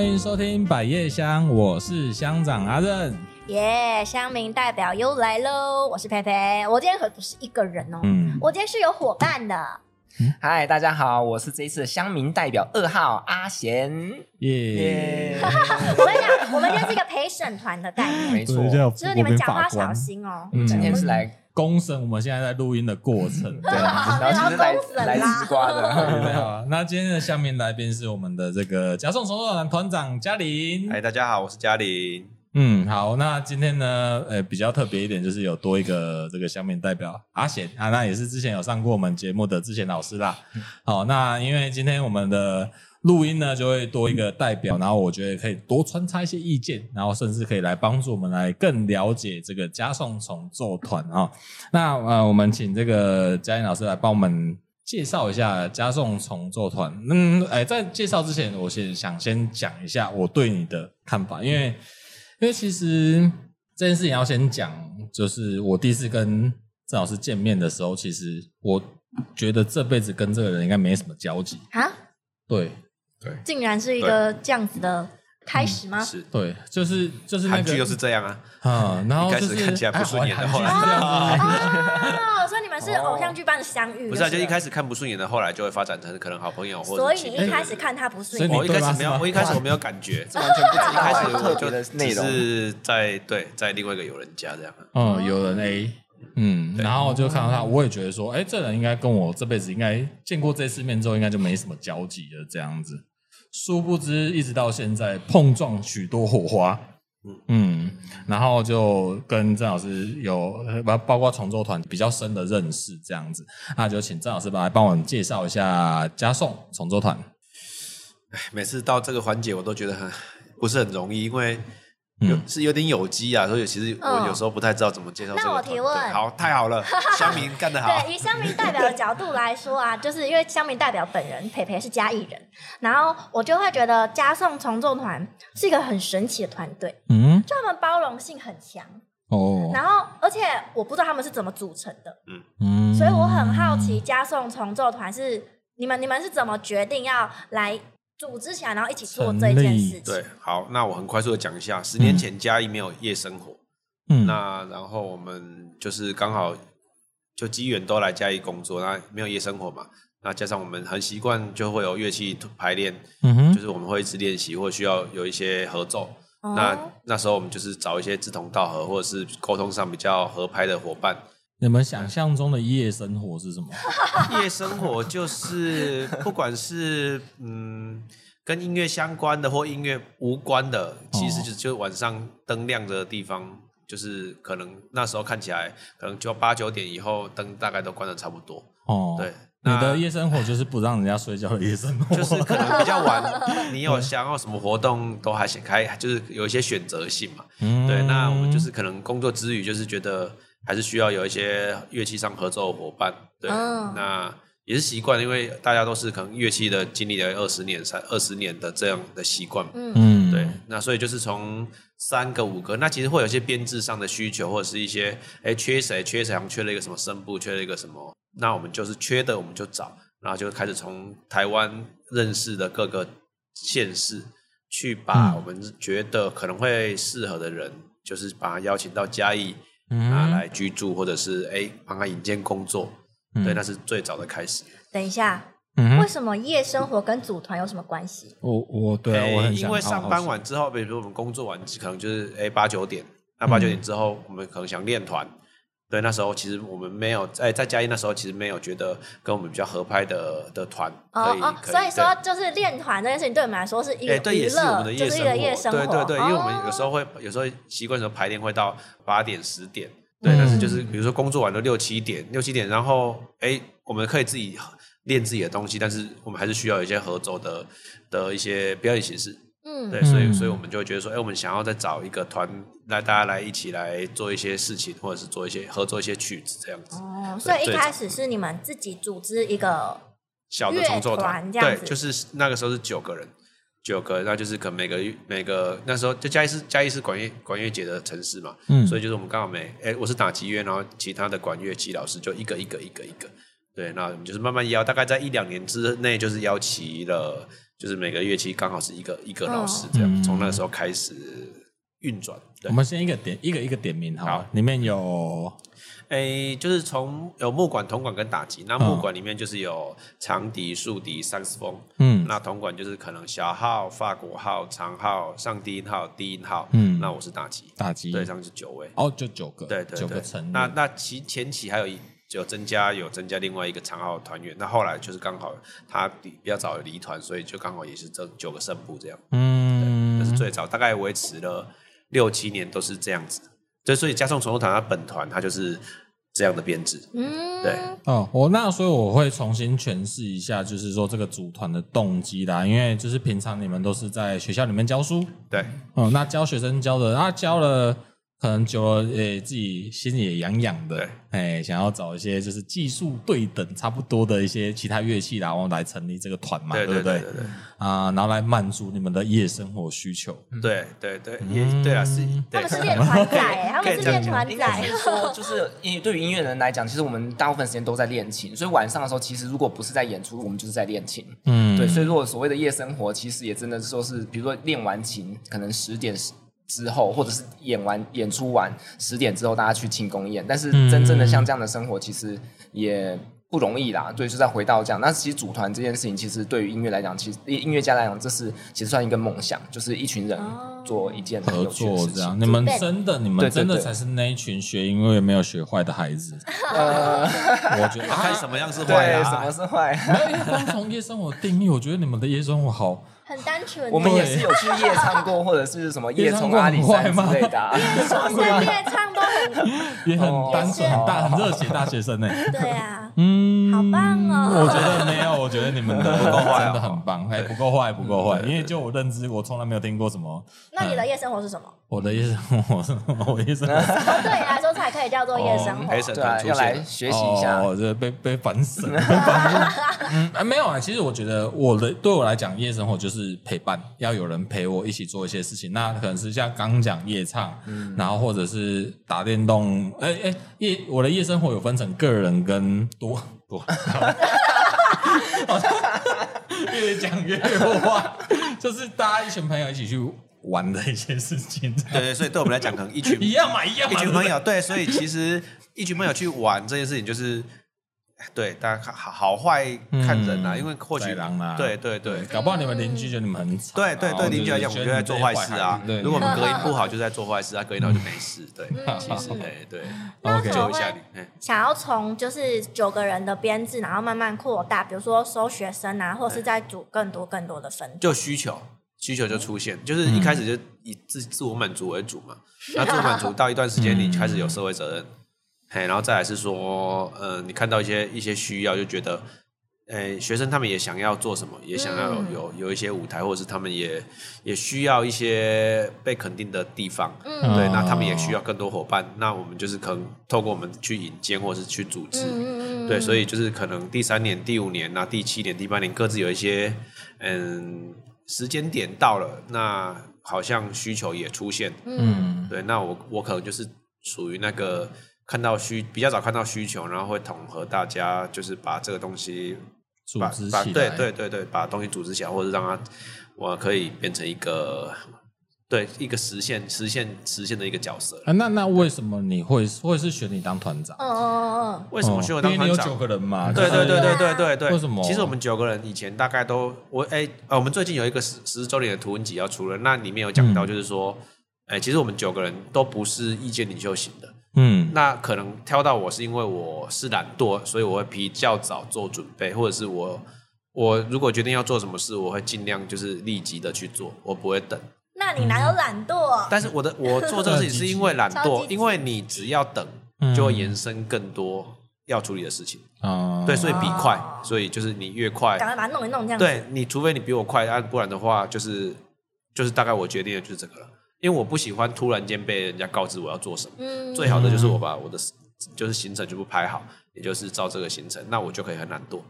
歡迎收聽百葉箱，我是箱長阿任。耶，箱民代表又來嘍！我是佩佩，我今天可不是一個人哦，嗯、我今天是有伙伴的。嗨、啊，Hi, 大家好，我是這一次的箱民代表二號阿賢。耶、yeah. yeah.，我跟你講，我們就是一個陪審團的代表，沒錯，只有你們講話小心哦，我嗯嗯、今天是來，公審，我們現在在錄音的過程，對，然後其實來、啊、來吃瓜的，那今天的下面來賓是我們的這個嘉頌手鼠團團長嘉玲，嗨，大家好，我是嘉玲，嗯，好，那今天呢，欸、比較特別一點就是有多一個這個下面代表阿賢啊，那也是之前有上過我們節目的志賢老師啦，好，那因為今天我們的錄音呢，就會多一個代表，然後我覺得可以多穿插一些意見，然後甚至可以來幫助我們來更了解這個嘉頌重奏團啊、哦。那呃，我們請這個嘉音老師來幫我們介紹一下嘉頌重奏團。嗯，哎，在介紹之前，我先想先講一下我對你的看法，因為因為其實這件事情要先講，就是我第一次跟鄭老師見面的時候，其實我覺得這輩子跟這個人應該沒什麼交集啊，哈對。竟然是一個這樣子的開始嗎？是對，就是就是韓劇就是這樣啊啊！然後一開始看起來不順眼的，後來這樣啊，所以你們是偶像劇般的相遇，不是？就一開始看不順眼的，後來就會發展成可能好朋友，或者，所以你一開始看他不順眼，我一開始沒有，我一開始我沒有感覺，完全不，一開始我就只是在對在另外一個友人家這樣，嗯，有人 A，嗯，然後就看到他，我也覺得說，哎，這人應該跟我這輩子應該見過這次面之後，應該就沒什麼交集了，這樣子。殊不知，一直到現在碰撞許多火花，嗯，嗯，然後就跟鄭老師有包包括重奏團比較深的認識，這樣子，那就請鄭老師他來幫我們介紹一下嘉頌重奏團。哎，每次到這個環節，我都覺得很不是很容易，因為。有是有點有機啊，所以其實我有時候不太知道怎麼接受、哦。那我提問。好，太好了，鄉民幹得好。 對，以鄉民代表的角度來說啊， 就是因為鄉民代表本人培培是嘉義人，然後我就會覺得嘉頌重奏團是一個很神奇的團隊。嗯，就他們包容性很強。哦。然後，而且我不知道他們是怎麼組成的。嗯。所以我很好奇，嘉頌重奏團是你們，你們是怎麼決定要來？組織起來，然後一起做這件事情。對，好，那我很快速的講一下，嗯、十年前嘉義沒有夜生活，嗯，那然後我們就是剛好就機緣都來嘉義工作，那沒有夜生活嘛，那加上我們很習慣就會有樂器排練，嗯哼，就是我們會一直練習，或需要有一些合奏，嗯哼，那那時候我們就是找一些志同道合或者是溝通上比較合拍的夥伴。你們想象中的夜生活是什麼？夜生活就是，不管是嗯，跟音樂相關的或音樂無關的，哦、其實就是就晚上燈亮着的地方，就是可能那時候看起來，可能就八九點以後燈大概都關得差不多。哦，對，你的夜生活就是不讓人家睡覺的夜生活，就是可能比較晚，你有想要什麼活動都還顯開，嗯、就是有一些選擇性嘛。嗯，對，那我們就是可能工作之餘，就是覺得。還是需要有一些樂器上合作夥伴，對，哦、那也是習慣，因為大家都是可能樂器的經歷了二十年，二十年的這樣的習慣，嗯，對，那所以就是從三個五個，那其實會有一些編制上的需求，或者是一些哎缺誰缺誰，缺誰好像缺了一個什麼聲部，缺了一個什麼，那我們就是缺的我們就找，然後就開始從台灣認識的各個縣市去把我們覺得可能會適合的人，嗯、就是把他邀請到嘉義。拿、嗯啊、來居住，或者是哎幫他引薦工作，嗯、對，那是最早的開始。等一下，嗯哼，為什麼夜生活跟組團有什麼關係？我對、啊欸、我對我因為上班完之後，比如說我們工作完可能就是哎八九點，那八九點之後、嗯、我們可能想練團。對，那時候其實我們沒有、欸、在在嘉義那時候，其實沒有覺得跟我們比較合拍的的團。哦哦，所以說就是練團這件事情對我們來說是，、欸、是，的是一個娛樂，這是一個夜生活對對對，哦、因為我們有時候會有時候習慣時候排練會到八點十點，對，嗯、但是就是比如說工作完了六七點六七點，點然後哎、欸、我們可以自己練自己的東西，但是我們還是需要一些合奏的的一些表演形式。嗯，對，所以，所以我們就會覺得說，哎、欸，我們想要再找一個團來，大家來一起來做一些事情，或者是做一些合作一些曲子這樣子。哦，所以，所以一開始是你們自己組織一個小的重奏團，團。對，就是那個時候是九個人，九個，那就是可能每個每個那時候就嘉義市，嘉義市管樂管樂節的城市嘛，嗯，所以就是我們剛好沒，哎、欸，我是打擊樂，然後其他的管樂器老師就一個，一個一個一個一個，對，那我們就是慢慢邀，大概在一兩年之內就是邀齊了。嗯就是每個樂器剛好是一個一個老師這樣，從、oh. 那個時候開始運轉。我們先一個點一個一個點名好，好，裡面有，誒、欸，就是從有木管、銅管跟打擊。那木管裡面就是有長笛、豎笛、薩斯風。嗯，那銅管就是可能小號、法國號、長號、上低音號、低音號。嗯，那我是打擊擊，打擊對，上是九位，哦，oh, 就九個，對，對，對，九個層，那那其前期還有一。就增加，有增加另外一個長號團員，那後來就是剛好他比較早離團，所以就剛好也是這九個聲部這樣。嗯，這是最早，大概維持了六七年都是這樣子的。對，所以嘉頌重奏團他本團他就是這樣的編制。嗯，對。哦，我那所以我會重新詮釋一下，就是說這個組團的動機啦，因為就是平常你們都是在學校裡面教書。對。哦，那教學生教的，他教了。可能就誒、欸、自己心裡也癢癢的，哎對、欸，想要找一些就是技術對等差不多的一些其他樂器然後來成立這個團嘛，對，對，對，對，對不對？對對對對啊，然後來滿足你們的夜生活需求。對對對，嗯、也對啊，是對，他們是練團仔、欸， 他們是練團仔。對。 就是因為對於音樂人來講，其實我們大部分時間都在練琴，所以晚上的時候其實如果不是在演出，我們就是在練琴。嗯，對，所以如果所謂的夜生活，其實也真的是說是，比如說練完琴，可能十點十。之後，或者是演完演出完十點之後，大家去慶功宴。但是真正的像這樣的生活，其實也不容易啦。對、嗯、就再回到這樣，那其實組團這件事情其，其實對於音樂來講，其實音樂家來講，這是其實算一個夢想，就是一群人做一件很有趣的事情。你們真的，你們對對對對真的才是那一群學音樂沒有學壞的孩子。呃、我覺得，啊、看什麼樣是壞，什麼是壞。從夜生活定義，我覺得你們的夜生活好。很單純，我們也是有去夜唱過，或者是什麼夜衝，阿里山最大，夜衝跟夜唱都很也很單純，很熱情大學生呢。對啊，嗯，好棒哦！我覺得沒有，我覺得你們的不夠壞，真的很棒，還不夠壞，不夠壞。因為就我認知，我從來沒有聽過什麼。那你的夜生活是什麼？我的夜生活是……我的夜生活對你來說才可以叫做夜生活，對，就來學習一下，這被被煩死了。嗯，沒有啊，其實我覺得我的對我來講，夜生活就是。是陪伴，要有人陪我一起做一些事情。那可能是像剛講夜唱，嗯、然後或者是打電動。哎哎，夜我的夜生活有分成個人跟多多。 越講越，越話就是大家一群朋友一起去玩的一些事情。對對，所以對我們來講，可能一群一樣 嘛，一樣嘛，一群朋友。 對，所以其實一群朋友去玩這件事情，就是。對，大家好好壞看人吶，因為或許。對對對，搞不好你們鄰居覺得你們很吵。對對對，鄰居來講，我們就在做壞事啊。如果我們隔音不好，就在做壞事啊；隔音到就沒事。對，其實對對，我救一下你。想要從就是九個人的編制，然後慢慢擴大，比如說收學生啊，或是在組更多更多的分。就需求，需求就出現，就是一開始就以自自我滿足為主嘛。自我滿足到一段時間，你開始有社會責任。Hey, 然後再來是說，呃，你看到一些一些需要，就覺得，哎、欸，學生他們也想要做什麼，也想要有、嗯、有，有一些舞台，或者是他們也也需要一些被肯定的地方，嗯、對，那他們也需要更多夥伴，哦、那我們就是可能透過我們去引薦，或者是去組織，嗯嗯嗯嗯對，所以就是可能第三年、第五年、啊、那第七年、第八年各自有一些嗯時間點到了，那好像需求也出現，嗯，對，那我我可能就是屬於那個。看到需比較早看到需求，然後會統合大家，就是把這個東西組織起來把把對對對對，把東西組織起來，或者是讓它我可以變成一個對一個實現實現實現的一個角色、啊。那那為什麼你會對會是選你當團長？嗯嗯嗯嗯，為什麼選我當團長？因為有九個人嘛。對對對對對對對。對對對對對對為什麼？其實我們九個人以前大概都我哎、啊、我們最近有一個十十周年的圖文集要出了，那裡面有講到就是說，哎、嗯，其實我們九個人都不是意見領袖型的。嗯，那可能挑到我是因為我是懶惰，所以我會比較早做準備，或者是我我如果決定要做什麼事，我會盡量就是立即的去做，我不會等。那你哪有懶惰、嗯？但是我的我做這個事情是因為懶惰，因為你只要等，就會延伸更多要處理的事情、嗯、對，所以比快，所以就是你越快，趕快把它弄一弄這樣。對，你除非你比我快，啊、不然的話就是就是大概我決定的就是這個了。因為我不喜歡突然間被人家告知我要做什麼，最好的就是我把我的就是行程全部排好，也就是照這個行程，那我就可以很懶惰。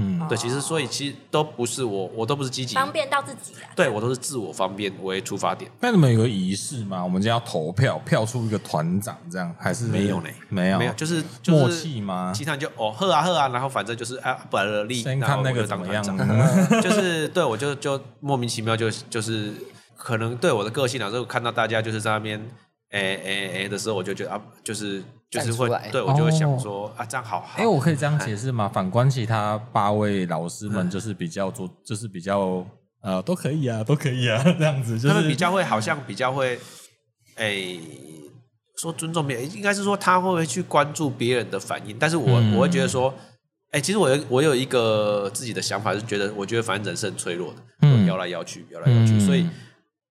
嗯，對，其實所以其實都不是我，我都不是積極方便到自己，對我都是自我方便為出發點。那你們有個儀式嗎？我們今天要投票，票出一個團長這樣，還是沒有呢？沒有，沒有，就是默契嗎？其他人就哦喝啊喝啊，然後反正就是啊擺了立，先看那個黨章，就是對我就就莫名其妙就就是。可能對我的個性，然後看到大家就是在那邊哎哎哎的時候，我就覺得啊，就是就是會對我就會想說啊，這樣好好。哎，欸、我可以這樣解釋嗎？反觀其他八位老師們，就是比較做，就是比較呃，都可以啊，都可以啊，這樣子就是他們比較會好像比較會哎，說尊重別人，應該是說他會去關注別人的反應。但是我我會覺得說，哎，其實我我有一個自己的想法，是覺得我覺得反正人是很脆弱的，搖來搖去，搖來搖去，所以，嗯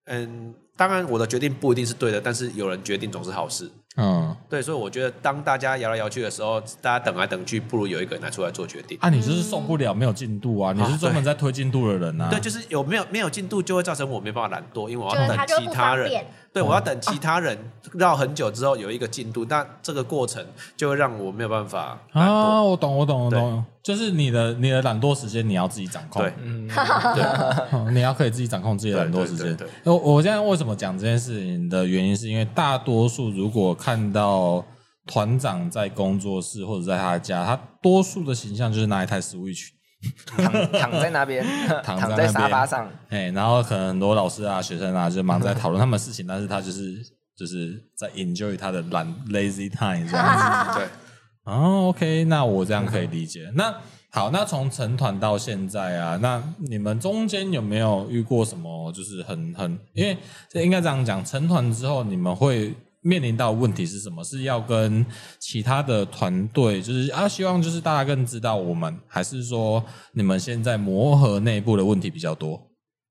嗯，當然我的決定不一定是對的，但是有人決定總是好事。嗯，對，所以我覺得當大家搖來搖去的時候，大家等來等去，嗯、不如有一個人拿出來做決定。啊，你就是受不了沒有進度啊！啊你是專門在推進度的人啊對。對，就是有沒有沒有進度，就會造成我沒辦法懶惰，因為我要等其他人。就他就對，我要等其他人繞很久之後有一個進度，那、啊、這個過程就會讓我沒有辦法懶惰啊，我懂，我懂，對我懂，就是你的你的懶惰時間你要自己掌控。對，嗯，對， 你要可以自己掌控自己的懶惰時間。我對對對對對，我現在為什麼講這件事情的原因，是因為大多數如果看到團長在工作室或者在他的家，他多數的形象就是拿一台 Switch。躺,躺在哪邊?躺在那邊，躺在沙發上。然後可能很多老師啊、學生啊，就忙在討論他們的事情， 但是他就是就是在 enjoy 他的懶 lazy time 這樣子。對 ，o、oh, k、okay, 那我這樣可以理解。Okay. 那好，那從成團到現在啊，那你們中間有沒有遇過什麼？就是很很，因為這應該這樣講，成團之後你們會。面臨到問題是什麼？是要跟其他的團隊，就是啊，希望就是大家更知道我們，還是說你們現在磨合內部的問題比較多？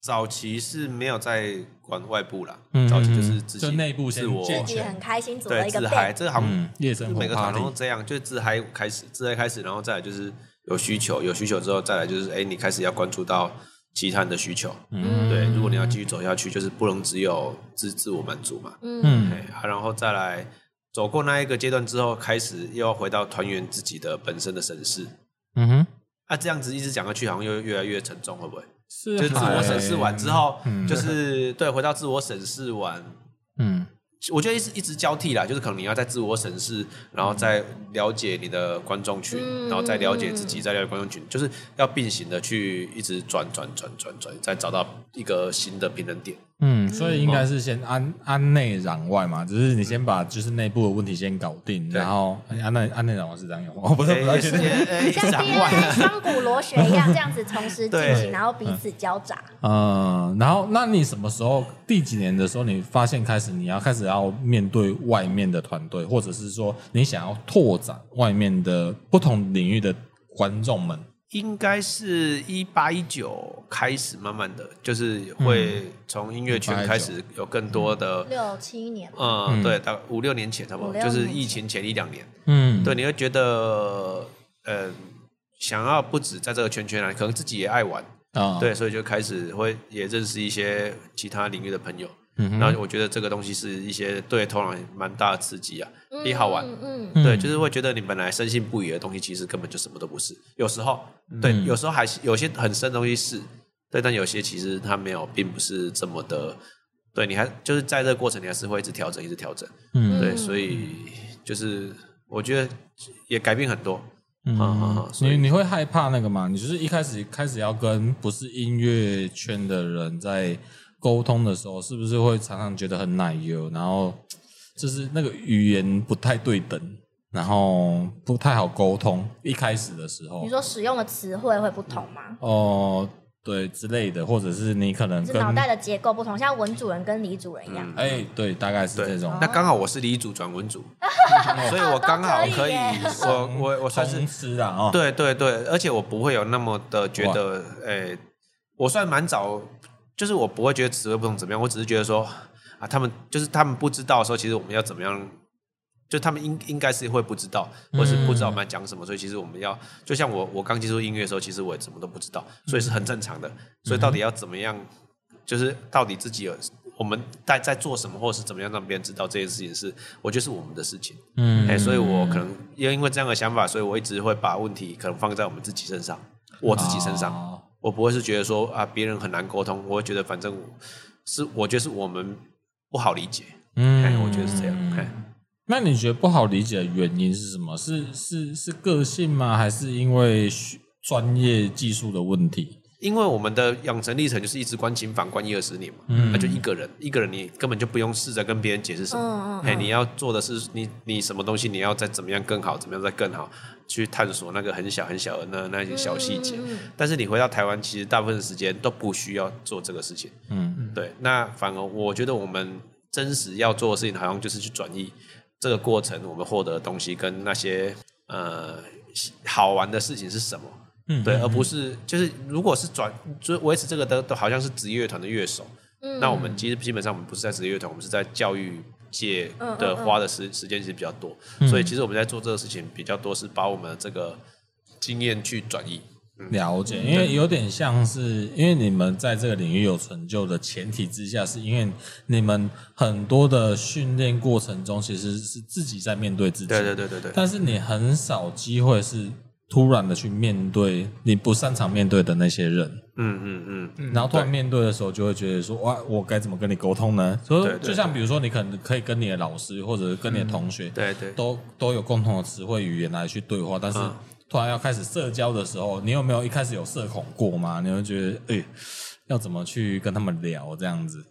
早期是沒有在管外部啦，嗯、早期就是自己內部，是我自己很開心組了一個自嗨，這個行業每個團都這樣，就自嗨開始，自嗨開始，然後再來就是有需求，嗯、有需求之後再來就是，哎，你開始要關注到。其他的需求，嗯、對，如果你要繼續走下去，就是不能只有自自我滿足嘛，嗯，okay, 然後再來走過那一個階段之後，開始又要回到團員自己的本身的審視，嗯哼，那、啊、這樣子一直講下去，好像又越來越沉重，會不會？是啊。就自我審視完之後，嗯、就是對，回到自我審視完，嗯。嗯我覺得一直一直交替啦，就是可能你要在自我審視，然後再了解你的觀眾群，然後再了解自己，再了解觀眾群，就是要並行的去一直轉轉轉轉轉，再找到一個新的平衡點。嗯，所以應該是先安、嗯、哼安內攘外嘛，只、就是你先把就是內部的問題先搞定，對然後安內安內攘外是這樣用，我不是不是像雙股螺旋一樣這樣子同時進行，對然後彼此交雜。嗯，然後那你什麼時候第幾年的時候，你發現開始你要開始要面對外面的團隊，或者是說你想要拓展外面的不同領域的觀眾們？應該是一八一九開始，慢慢的就是會從音樂圈開始有更多的六七年，嗯，對，大概五六年前，差不多就是疫情前一兩年，嗯，對，你會覺得，呃，想要不止在這個圈圈來，可能自己也愛玩，哦，對，所以就開始會也認識一些其他領域的朋友。嗯、然後我覺得這個東西是一些對頭腦蠻大的刺激啊，也好玩，嗯嗯嗯、對，就是會覺得你本來深信不疑的東西，其實根本就什麼都不是。有時候，對，嗯、有時候還是有些很深的東西是，對，但有些其實它沒有，並不是這麼的。對，你還就是在這個過程，你還是會一直調整，一直調整。嗯，對，所以就是我覺得也改變很多。嗯嗯啊！呵呵呵，所以你你會害怕那個嗎？你就是一開始開始要跟不是音樂圈的人在。溝通的時候是不是會常常覺得很奶油，然後就是那個語言不太對等，然後不太好溝通。一開始的時候，你說使用的詞彙會不同嗎？哦、嗯呃，對之類的，或者是你可能腦袋的結構不同，像文組人跟理組人一樣。哎、嗯欸，對，大概是這種。對哦、那剛好我是理組轉文組，哦、所以我剛好可以，可以我我我算是吃了哦。對對對，而且我不會有那麼的覺得，哎哇、欸，我算蠻早。就是我不會覺得詞彙不同怎麼樣，我只是覺得說啊，他們就是他們不知道的時候，其實我們要怎麼樣？就他們應應該是會不知道，或者是不知道我們講什麼，嗯、所以其實我們要就像我我剛接觸音樂的時候，其實我也什麼都不知道，所以是很正常的。嗯、所以到底要怎麼樣？嗯、哼就是到底自己有我們在在做什麼，或者是怎麼樣讓別人知道這件事情是，是我覺得是我們的事情。嗯、欸，所以我可能因為因為這樣的想法，所以我一直會把問題可能放在我們自己身上，我自己身上。哦我不會是覺得說啊，別人很難溝通。我會覺得反正，是我覺得是我們不好理解。嗯、欸，我覺得是這樣。看、欸，那你覺得不好理解的原因是什麼？是是是個性嗎？還是因為專業技術的問題？因為我們的養成歷程就是一直關琴房關一二十年嘛，那就一個人，一個人你根本就不用試着跟別人解釋什麼，哎，你要做的是你你什麼東西你要再怎麼樣更好，怎麼樣再更好去探索那個很小很小的那那些小細節。但是你回到台灣，其實大部分時間都不需要做這個事情。嗯，對。那反而我覺得我們真實要做的事情，好像就是去轉移這個過程，我們獲得的東西跟那些呃好玩的事情是什麼。嗯、對，嗯、而不是就是如果是轉就維持這個的，都好像是職業樂團的樂手。嗯、那我們其實基本上我們不是在職業樂團，我們是在教育界，的花的時、嗯嗯、時間其實比較多。嗯、所以其實我們在做這個事情比較多，是把我們的這個經驗去轉移、嗯、了解，因為有點像是、嗯、因為你們在這個領域有成就的前提之下，是因為你們很多的訓練過程中其實是自己在面對自己。對對對對對，但是你很少機會是。突然的去面對你不擅長面對的那些人嗯，嗯嗯嗯，然後突然面對的時候，就會覺得說對哇，我該怎麼跟你溝通呢？所以就像比如說，你可能可以跟你的老師或者跟你的同學、嗯，都對，對對，都都有共同的詞彙語言來去對話，但是突然要開始社交的時候，你有沒有一開始有社恐過嗎？你會覺得哎、欸，要怎麼去跟他們聊這樣子？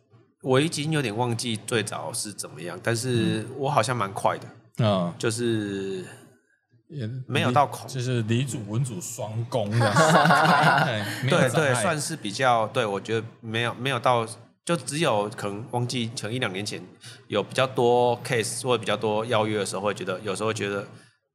我已經有點忘記最早是怎麼樣，但是我好像蠻快的，嗯，就是。沒有到恐，就是禮主文主雙攻 對的對，對對，算是比較對。我覺得沒有沒有到，就只有可能忘記前一兩年前有比較多 case 或者比較多邀約的時候，會覺得有時候會覺得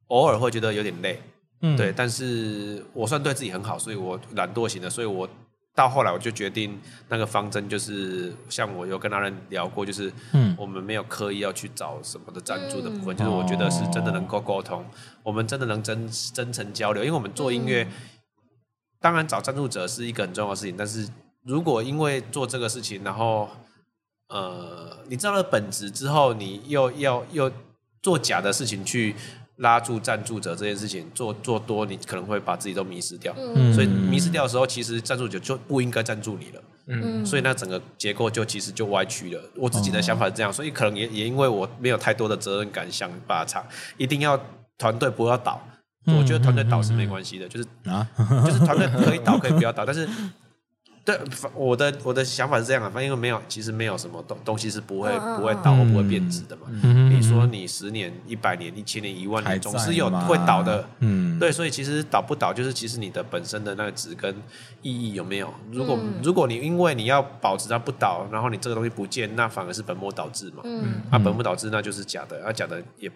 偶爾會覺得有點累，嗯，對。但是我算對自己很好，所以我懶惰型的，所以我。到後來，我就決定那個方針就是，像我有跟他人聊過，就是，嗯，我們沒有刻意要去找什麼的贊助的部分，就是我覺得是真的能夠溝通，我們真的能真真誠交流，因為我們做音樂，當然找贊助者是一個很重要的事情，但是如果因為做這個事情，然後，呃，你知道了本質之後，你又要又做假的事情去。拉住贊助者這件事情做做多，你可能會把自己都迷失掉。嗯，所以迷失掉的時候，其實贊助者就，就不應該贊助你了。嗯，所以那整個結構就其實就歪曲了。我自己的想法是這樣，哦、所以可能也也因為我沒有太多的責任感，想把它一定要團隊不要倒，我覺得團隊倒是沒關係的，嗯、就是啊，就是團隊可以倒，可以不要倒，但是。對，我的我的想法是這樣的、啊，反正因為沒有，其實沒有什麼東東西是不會不會倒或不會變質的嘛。嗯、你說你十年、一百年、一千年、一萬年，總是有會倒的。嗯、對，所以其實倒不倒，就是其實你的本身的那個值跟意義有沒有？如果、嗯、如果你因為你要保持它不倒，然後你這個東西不見，那反而是本末倒置嘛。嗯、啊，本末倒置那就是假的，而、啊、假的也。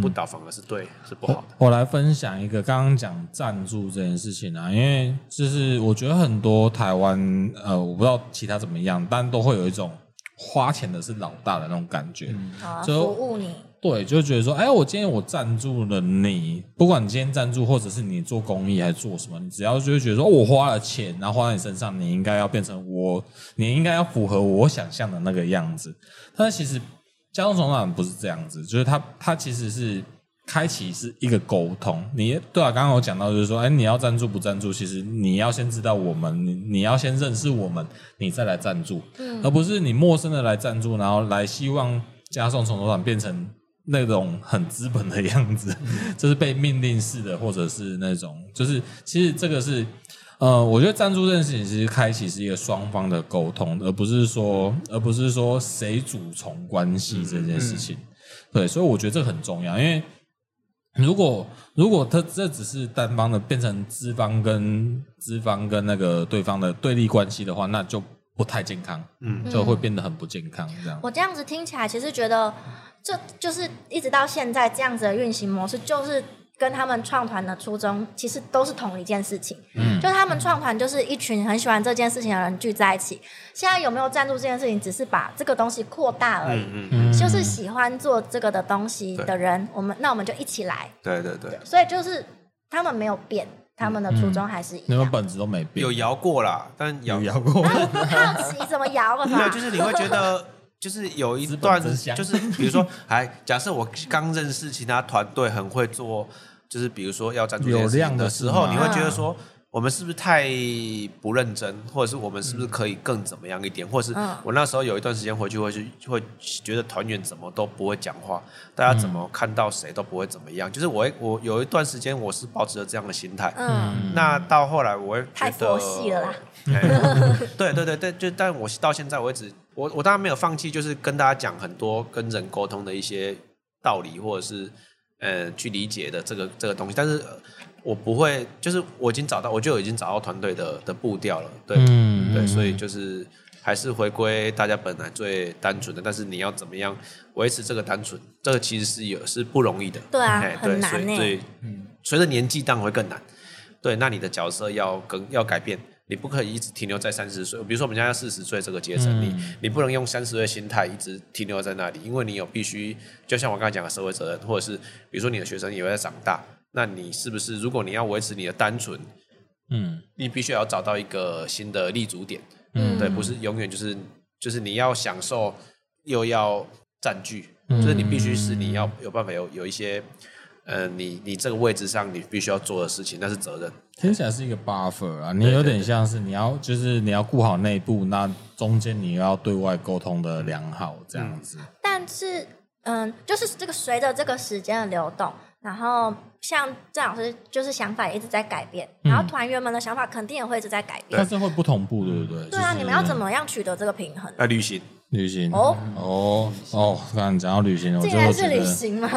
不打反而是對，嗯、是不好的。我來分享一個剛剛講贊助這件事情啊，因為就是我覺得很多台灣呃，我不知道其他怎麼樣，但都會有一種花錢的是老大的那種感覺，嗯啊、就服務你。對，就覺得說，哎，我今天我贊助了你，不管你今天贊助或者是你做公益還是做什麼，你只要就覺得說，我花了錢，然後花在你身上，你應該要變成我，你應該要符合我想象的那個樣子。但其實。嘉頌頭管不是這樣子，就是他，他其實是開啟是一個溝通。你對啊，剛剛我講到就是說，哎、欸，你要贊助不贊助？其實你要先知道我們，你你要先認識我們，你再來贊助，嗯、而不是你陌生的來贊助，然後來希望嘉頌總頭管變成那種很資本的樣子，就、嗯、是被命令式的，或者是那種，就是其實這個是。呃，我覺得贊助這件事情其實開啟是一個雙方的溝通，而不是說，而不是說誰主從關係這件事情。嗯嗯、對，所以我覺得這很重要，因為如果如果他這只是單方的變成資方跟資方跟那個對方的對立關係的話，那就不太健康，嗯，就會變得很不健康。這樣、嗯，我這樣子聽起來，其實覺得這就是一直到現在這樣子的運行模式，就是。跟他們創團的初衷其實都是同一件事情，嗯，就他們創團就是一群很喜歡這件事情的人聚在一起。現在有沒有贊助這件事情，只是把這個東西擴大而已，嗯嗯，嗯嗯就是喜歡做這個的東西的人，對我們那我們就一起來，對對對，對。所以就是他們沒有變，他們的初衷還是一樣，嗯、有本質，都沒變，有搖過啦，但搖搖過、 啊，好奇怎麼搖了吧。嘛、 啊？就是你會覺得，就是有一段，就是比如說，哎，假設我剛認識其他團隊，很會做。就是比如說要贊助這樣的時候，你會覺得說我們是不是太不認真，或者是我們是不是可以更怎麼樣一點？或者是我那時候有一段時間回去會去會覺得團員怎麼都不會講話，大家怎麼看到誰都不會怎麼樣。就是我我有一段時間我是保持了這樣的心態、嗯，嗯，那到後來我會太佛系了、欸、 對對對，但就但我到現在為止，我我當然沒有放棄，就是跟大家講很多跟人溝通的一些道理或者是。呃，去理解的這個這個東西，但是我不會，就是我已經找到，我就已經找到團隊的的步調了，對，嗯、對，所以就是還是回歸大家本來最單純的，但是你要怎麼樣維持這個單純，這個其實是有是不容易的，對啊，欸、對、很難欸，所以，所以，隨着年紀當然會更難，對，那你的角色要更要改變。你不可以一直停留在三十歲，比如說我們現在四十歲這個階層，嗯、你你不能用三十歲心態一直停留在那裡，因為你有必須，就像我剛才講的社會責任，或者是比如說你的學生也會在長大，那你是不是，如果你要維持你的單純，嗯，你必須要找到一個新的立足點，嗯，對，不是永遠就是就是你要享受又要占據，嗯、就是你必須是你要有辦法有有一些。呃，你你這個位置上，你必須要做的事情，那是責任。聽起來是一個 buffer 啊，對對對對，你有點像是你要，就是你要顧好內部，那中間你要對外溝通的良好這樣子、嗯。但是，嗯，就是這個隨着這個時間的流動，然後像鄭老師就是想法一直在改變，嗯、然後團員們的想法肯定也會一直在改變，但是會不同步，對不對？嗯、對啊，你們要怎麼樣取得這個平衡？哎，旅行，旅行，哦哦哦，剛才講要旅行，我這還是旅行嗎？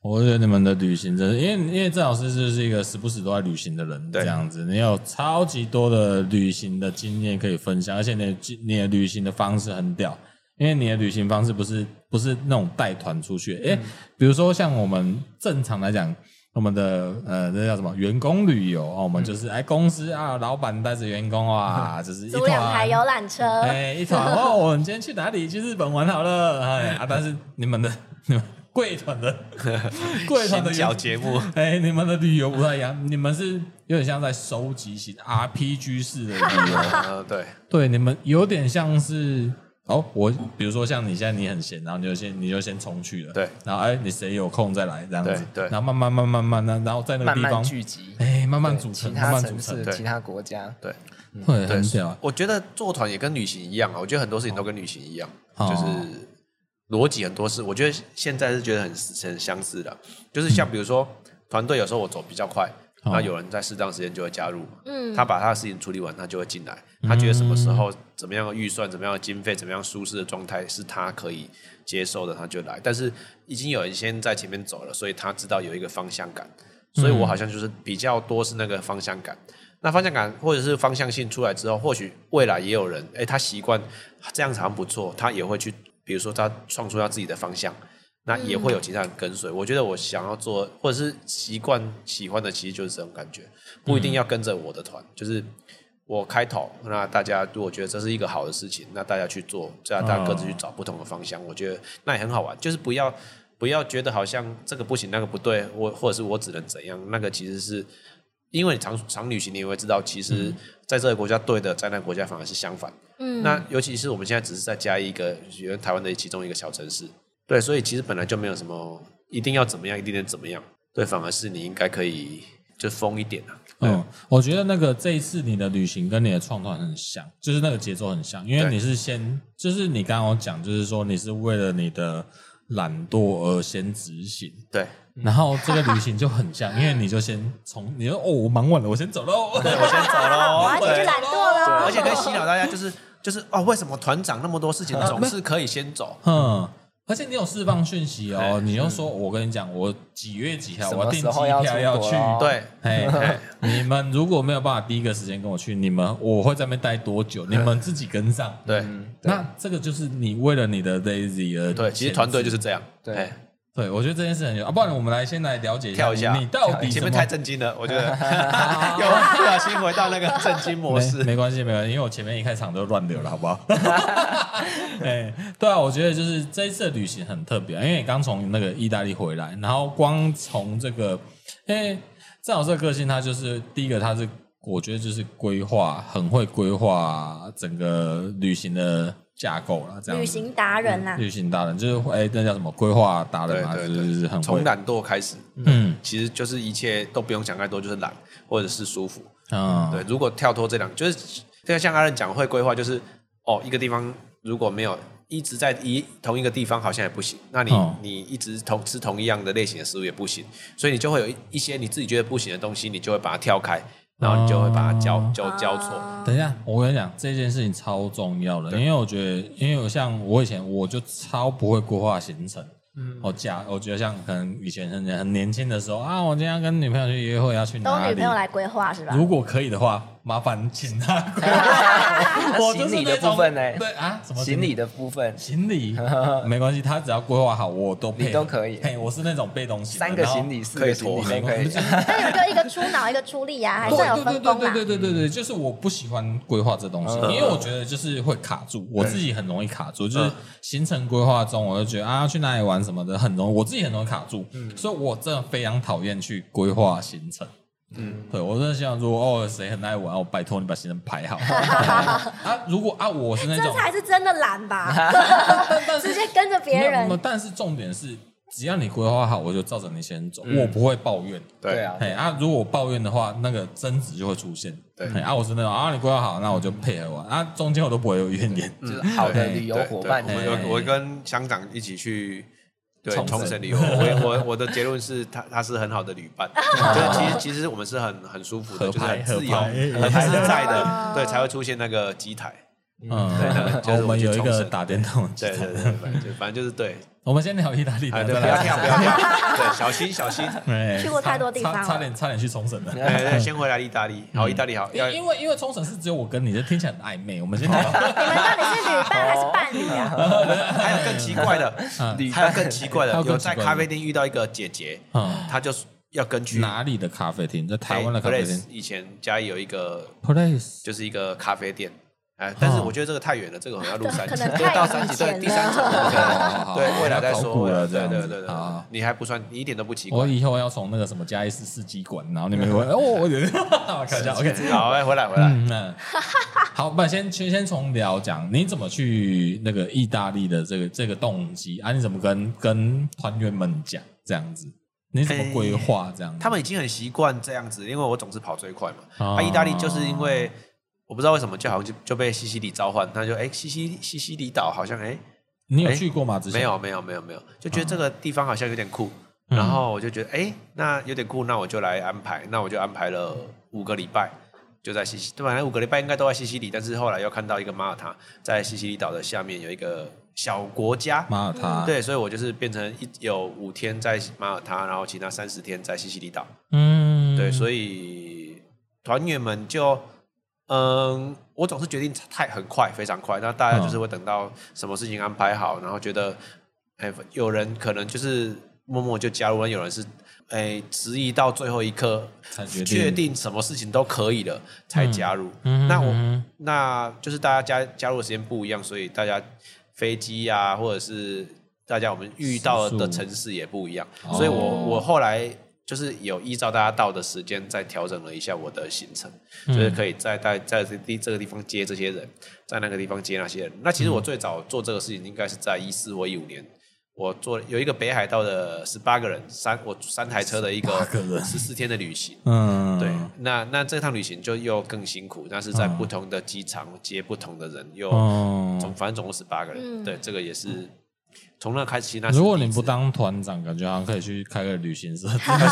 我覺得你們的旅行真是，因為因為鄭老師就是一個時不時都在旅行的人，這樣子，你有超級多的旅行的經驗可以分享，而且你你的旅行的方式很屌，因為你的旅行方式不是不是那種帶團出去，哎，比如說像我們正常來講，我們的呃，那叫什麼員工旅遊啊、哦，我們就是哎公司啊，老闆帶着員工啊，就是租兩台遊覽車，哎，一團哦，我們今天去哪裡？去日本玩好了，哎、啊，但是你們的你們。貴團的貴團的小節目，哎，你們的旅遊不太一樣，你們是有點像在收集型 RPG 式的旅遊，對對，你們有點像是，哦，我比如說像你現在你很閒，然後你就先你就先衝去了，對，然後哎，你誰有空再來這樣子，對，然後慢慢慢慢慢慢，然後在那個地方聚集，哎，慢慢組成，慢慢組成其他國家，對，會很像，我覺得做團也跟旅行一樣啊，我覺得很多事情都跟旅行一樣，就是。邏輯很多事，我覺得現在是覺得很很相似的，就是像比如說，團隊有時候我走比較快，那、哦、有人在適當時間就會加入，嗯，他把他的事情處理完，他就會進來，他覺得什麼時候、怎麼樣的預算、怎麼樣的經費、怎麼樣舒適的狀態是他可以接受的，他就來。但是已經有人先在前面走了，所以他知道有一個方向感，所以我好像就是比較多是那個方向感。嗯、那方向感或者是方向性出來之後，或許未來也有人，誒、欸，他習慣這樣子好像不錯，他也會去。比如說他創出他自己的方向，那也會有其他人跟隨。嗯、我覺得我想要做，或者是習慣喜歡的，其實就是這種感覺，不一定要跟着我的團。嗯、就是我開頭，那大家如果覺得這是一個好的事情，那大家去做，這樣大家各自去找不同的方向。哦、我覺得那也很好玩，就是不要不要覺得好像這個不行，那個不對，我，或者是我只能怎樣，那個其實是。因為你常常旅行，你也會知道，其實在這個國家對的，在那個國家反而是相反。嗯，那尤其是我們現在只是在加一個，因台灣的其中一個小城市，對，所以其實本來就沒有什麼一定要怎麼樣，一定得怎麼樣，對，反而是你應該可以就瘋一點啊。嗯，我覺得那個這一次你的旅行跟你的創作很像，就是那個節奏很像，因為你是先，對就是你剛剛我講，就是說你是為了你的懶惰而先執行，對。然後這個旅行就很像，因為你就先從你說哦，我忙完了，我先走嘍。我先走嘍，我要去懶惰嘍。而且可以洗腦大家，就是就是哦，為什麼團長那麼多事情總是可以先走？嗯，而且你有釋放訊息哦，你又說，我跟你講，我幾月幾號，我訂機票要去。對，你們如果沒有辦法第一個時間跟我去，你們我會在那邊待多久？你們自己跟上。對，那這個就是你為了你的 lazy 而對，其實團隊就是這樣。對。對，我覺得這件事很有啊。不然我們來先來了解一下你，一下你到底前面太震驚了，我覺得。 有不小心回到那個震驚模式。 沒,沒關係，沒關係，因為我前面一開場都亂流了，好不好？哎、 欸，對啊，我覺得就是這一次的旅行很特別，因為你剛從那個意大利回來，然後光從這個，因為鄭老師個性他就是第一個它是，他是我覺得就是規劃很會規劃整個旅行的。架構旅行達人啊，嗯、旅行達人就是哎、欸，那叫什麼規劃達人啊？對，從懶惰開始，嗯，其實就是一切都不用講太多，就是懶或者是舒服啊。嗯、對，如果跳脫這兩，就是這像阿倫講會規劃，就是哦，一個地方如果沒有一直在一同一個地方，好像也不行。那你、哦、你一直同吃同一樣的類型的食物也不行，所以你就會有一一些你自己覺得不行的東西，你就會把它跳開。然後你就會把它交交交錯。啊，等一下，我跟你講這件事情超重要的。對因為我覺得，因為我像我以前我就超不會規劃行程。嗯，我家我覺得像可能以前很很年輕的時候啊，我經常跟女朋友去約會，要去哪裡？都女朋友來規劃是吧？如果可以的話。麻煩請他，我行李的部分呢？對啊，行李的部分，行李沒關係，他只要規劃好，我都可以，你都可以。我是那種背東西，三個行李四個也沒關係。那你們就一個出腦，一個出力呀？還是有分工？對對對對對對對，就是我不喜歡規劃這東西，因為我覺得就是會卡住，我自己很容易卡住。就是行程規劃中，我就覺得啊，要去哪裡玩什麼的，很容易我自己很容易卡住，所以我真的非常討厭去規劃行程。嗯，對我真的想說，哦，誰很愛玩，我拜託你把行程排好。啊，如果啊，我是那種，這才是真的懶吧，直接跟着別人。但是重點是，只要你規劃好，我就照着你先走，我不會抱怨。對啊，如果我抱怨的話，那個爭執就會出現。對啊，我是那種啊，你規劃好，那我就配合玩。啊，中間我都不會有怨念，好的旅遊伙伴。我我跟香港一起去。對，同城生旅遊，我我我的結論是他他是很好的旅伴，啊、就是其實、啊、其實我們是很很舒服的，拍就是很自由、泡很自在的，對，才會出現那個機台。嗯，就是我們有一個打電動，對對對，反正就是對。我們先聊意大利，不要跳，不要跳，對，小心小心，哎，去過太多地方了，差點差點去沖繩了，對，先回來意大利。好，意大利好，因為因為沖繩是只有我跟你，這聽起來很曖昧。我們先聊，你們到底是旅伴還是伴侶啊？還有更奇怪的，還有更奇怪的，有在咖啡店遇到一個姐姐，嗯，她就是要根據哪裡的咖啡廳，在台灣的咖啡店，以前家裡有一個 place，就是一個咖啡店。哎，但是我覺得這個太遠了，這個我要錄三集，都到三集，對第三層，對，未來再說，對對對對，你還不算，你一點都不奇怪。我以後要從那個什麼加利斯司機館，然後你們會哦，我，可笑，OK，好，哎，回來回來，嗯，好，那先先先從聊講，你怎麼去那個意大利的這個這個動機啊？你怎麼跟跟團員們講這樣子？你怎麼規劃這樣？他們已經很習慣這樣子，因為我總是跑最快嘛。啊，意大利就是因為。我不知道為什麼，就好像就就被西西里召喚，他就哎、欸，西西西西里島好像哎，欸、你有去過嗎？沒有，沒有，沒有，沒有，就覺得這個地方好像有點酷，啊、然後我就覺得哎、欸，那有點酷，那我就來安排，那我就安排了五個禮拜就在西西，本來五個禮拜應該都在西西里，但是後來又看到一個馬耳他，在西西里島的下面有一個小國家馬耳他、嗯、對，所以我就是變成一有五天在馬耳他，然後其他三十天在西西里島，嗯，對，所以團員們就。嗯，我總是決定太很快，非常快。那大家就是會等到什麼事情安排好，嗯、然後覺得，哎、欸，有人可能就是默默就加入，有人是哎，欸、遲疑到最後一刻，確定、決定什麼事情都可以了才加入。嗯、那我，那就是大家加加入的時間不一樣，所以大家飛機呀、啊，或者是大家我們遇到的城市也不一樣，速所以我我後來。就是有依照大家到的時間再調整了一下我的行程，嗯、就是可以在在在這地、這個地方接這些人，在那個地方接那些人。那其實我最早做這個事情應該是在一四或一五年，我做有一個北海道的十八個人，三、我三台車的一個十四天的旅行。嗯，對，那那這趟旅行就又更辛苦，但是在不同的機場接不同的人，又總、嗯、反正總共十八個人。嗯、對，這個也是。嗯從那開始，那如果你不當團長，感覺好像可以去開個旅行社。 現在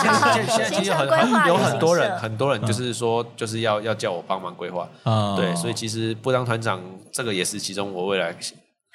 其實很 有很多人， 很多人就是說，就是要要叫我幫忙規劃啊。嗯、對，所以其實不當團長，這個也是其中我未來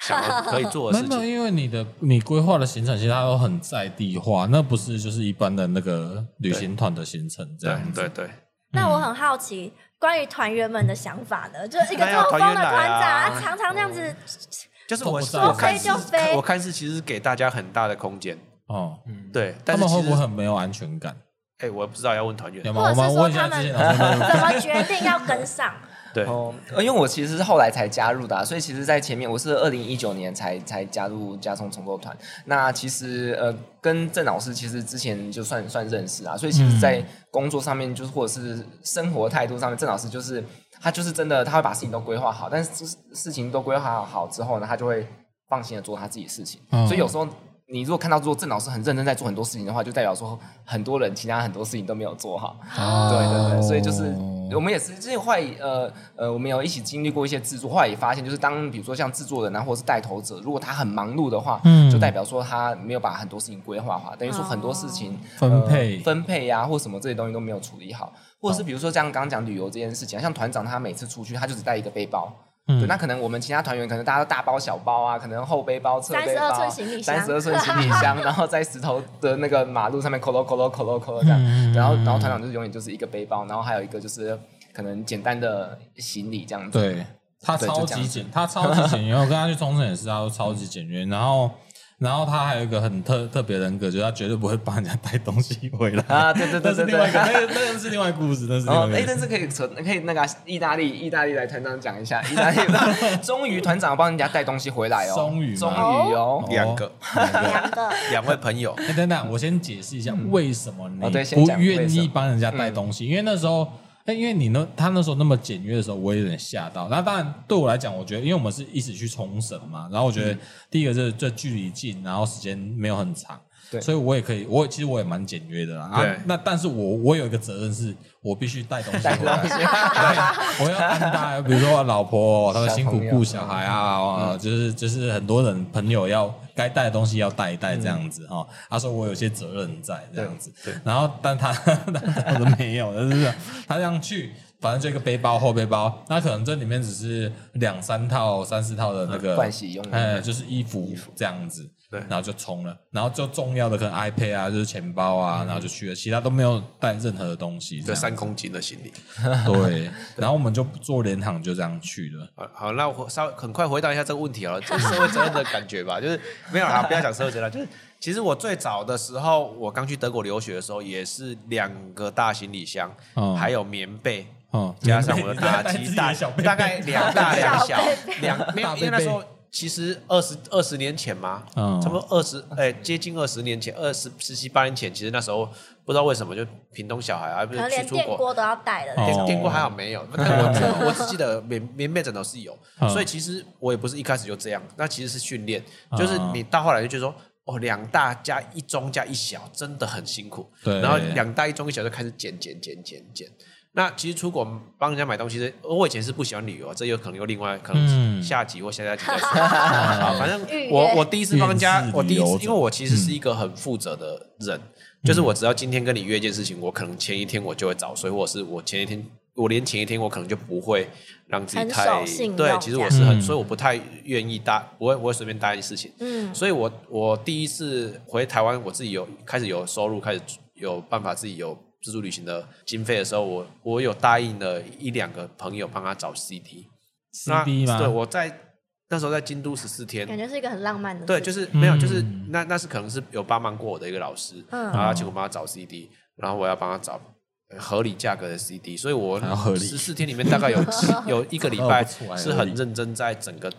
想可以做的事情。 因為你的你規劃的行程其實他都很在地化，那不是就是一般的那個旅行團的行程這樣。對對。對對對，那我很好奇，嗯、關於團員們的想法呢？就一個東方的團長，團啊、常常這樣子。嗯就是我我看是，飛飛我看是，其實給大家很大的空間哦，對，但是會不會很沒有安全感？哎、欸，我不知道要問團員，嗎或者是說他們怎麼決定要跟上？ 對、哦呃、因為我其實是後來才加入的，啊，所以其實，在前面我是二零一九年才才加入嘉頌重奏團。那其實呃，跟鄭老師其實之前就算算認識啊，所以其實，在工作上面，就是、嗯、或者是生活態度上面，鄭老師就是他就是真的，他會把事情都規劃好，但是事情都規劃好之後呢，他就會放心的做他自己的事情。嗯、所以有時候你如果看到如果鄭老師很認真在做很多事情的話，就代表說很多人其他很多事情都沒有做好。哦、對對對，所以就是。我們也是，這些壞呃呃，我們有一起經歷過一些制作，後來也發現，就是當比如說像制作人啊，或者是帶頭者，如果他很忙碌的話，嗯，就代表說他沒有把很多事情規劃好，等於說很多事情、哦呃、分配分配呀、啊，或什麼這些東西都沒有處理好，或者是比如說像剛剛講旅遊這件事情，像團長他每次出去，他就只帶一個背包。對，那可能我們其他團員可能大家都大包小包啊，可能後背包、側背包、三十二寸行李箱，三十二寸行李箱， 然後在石頭的那個馬路上面咯咯咯咯咯咯咯咯這樣，嗯、然後然後團長就是永遠就是一個背包，然後還有一個就是可能簡單的行李這樣子。對，他超級簡，他超級簡約。我跟他去沖繩也是，他說超級簡約，然後。然後他還有一個很特特別人格，就是他絕對不會幫人家帶東西回來啊！對對,對,對,對，那是另外一個，那個、啊、是另外故事，那是哦，哎，但是可以可可以那個意大利意大利來團長講一下，意大利 終於團長幫人家帶東西回來哦，終於終於哦，哦兩個兩個 兩位朋友、欸。等等，我先解釋一下為什麼你不願意幫人家帶東西，哦為嗯、因為那時候。哎，因為你那他那時候那麼簡約的時候，我也有點嚇到。那當然，對我來講，我覺得，因為我們是一起去沖繩嘛，然後我覺得第一個是就是這距離近，然後時間沒有很長。所以我也可以，我其實我也蠻簡約的啦。對，那但是我我有一個責任，是我必須帶東西。我要帶，我要帶，比如說我老婆她說辛苦顧小孩啊，就是就是很多人朋友要該帶的東西要帶一帶這樣子哈。她說我有些責任在這樣子，然後但他他都沒有，就是他這樣去，反正就一個背包、後背包，那可能這裡面只是兩三套、三四套的那個換洗用品，就是衣服這樣子。然後就衝了，然後最重要的可能 iPad 啊，就是錢包啊，然後就去了，其他都沒有帶任何的東西，就三公斤的行李。對，然後我們就坐廉航就這樣去了。好，那我稍微很快回答一下這個問題啊，就是社會責任的感覺吧，就是沒有啦，不要講社會責任，就是其實我最早的時候，我剛去德國留學的時候，也是兩個大行李箱，還有棉被，哦，加上我的大被、大小被，大概兩大兩小，兩沒有因為那時候。其實二十二十年前嘛，嗯、差不多二十哎、欸、接近二十年前，二十十七八年前，其實那時候不知道為什麼就屏東小孩啊，可能連電鍋都要帶了，嗯、電鍋還好沒有，哦、我只記得棉棉被枕頭是有，嗯、所以其實我也不是一開始就這樣，那其實是訓練，嗯、就是你到後來就覺得說哦，兩大加一中加一小真的很辛苦，對然後兩大一中一小就開始減減減減減。那其實出國幫人家買東西，我以前是不喜歡旅遊，這有可能有另外可能下集或下下集，嗯。 反正我言我第一次幫人家，我第一次因為我其實是一個很負責的人，嗯、就是我只要今天跟你約一件事情，我可能前一天我就會找，所以我是我前一天我連前一天我可能就不會讓自己太，對，其實我是很，所以我不太願意答不會不會隨便答應事情。嗯、所以我我第一次回台灣，我自己有開始有收入，開始有辦法自己有。自助旅行的經費的時候，我我有答應了一兩個朋友幫他找 CD，嗎那。對，我在那時候在京都十四天，感覺是一個很浪漫的、CD。對，就是沒有，嗯、就是那那是可能是有幫忙過我的一個老師，然後他請我幫他找 CD，、嗯、然後我要幫他找合理價格的 CD，所以我十四天裡面大概有有一個禮拜是很認真在整個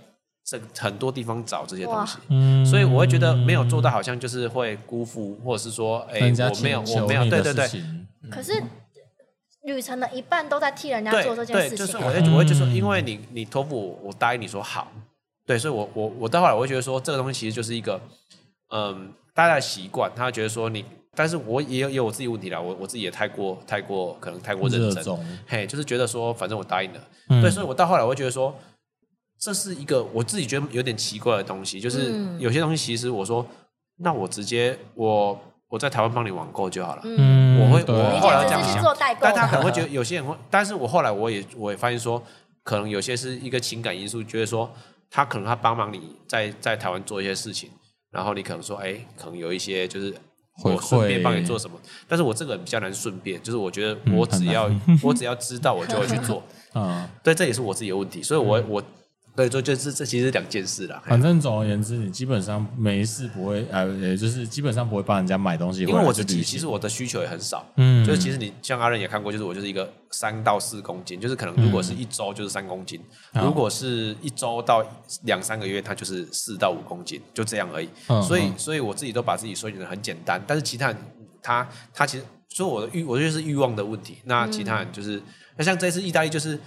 這很多地方找這些東西，嗯、所以我會覺得沒有做到，好像就是會辜負，或者是說，哎、欸，我沒有，我沒有，對對對。可是，旅程的一半都在替人家做這件事情，啊對。對，就是我，我會就說因為你，你托付我，我答應你說好，對，所以我，我，我到後來，我會覺得說，這個東西其實就是一個，嗯，大家的習慣，他會覺得說你，但是我也有有我自己問題啦，我我自己也太過，太過，可能太過認真，重嘿，就是覺得說，反正我答應了，嗯、對，所以我到後來，我會覺得說，這是一個我自己覺得有點奇怪的東西，就是有些東西，其實我說，那我直接我。我在台灣幫你網購就好了，嗯、我會對我後來會這樣想，但他可能會覺得有些人會，但是我後來我也我也發現說，可能有些是一個情感因素，覺得說他可能他幫忙你在在台灣做一些事情，然後你可能說，哎、欸，可能有一些就是我順便幫你做什麼，會會但是我這個比較難順便，就是我覺得我只要、嗯、我只要知道我就會去做，啊， 對，這也是我自己的問題，所以我我。嗯對，所以就是這其實是兩件事啦。反正總而言之，你基本上每一次不會，呃、哎，就是基本上不會幫人家買東西。因為我自己其實我的需求也很少，嗯，就是其實你像阿仁也看過，就是我就是一個三到四公斤，就是可能如果是一周就是三公斤，嗯、如果是一周到兩三個月，它就是四到五公斤，就這樣而已。嗯、所以，所以我自己都把自己說的很簡單，但是其他人他他其實說我的欲，我就是欲望的問題。那其他人就是，那、嗯、像這次意大利就是。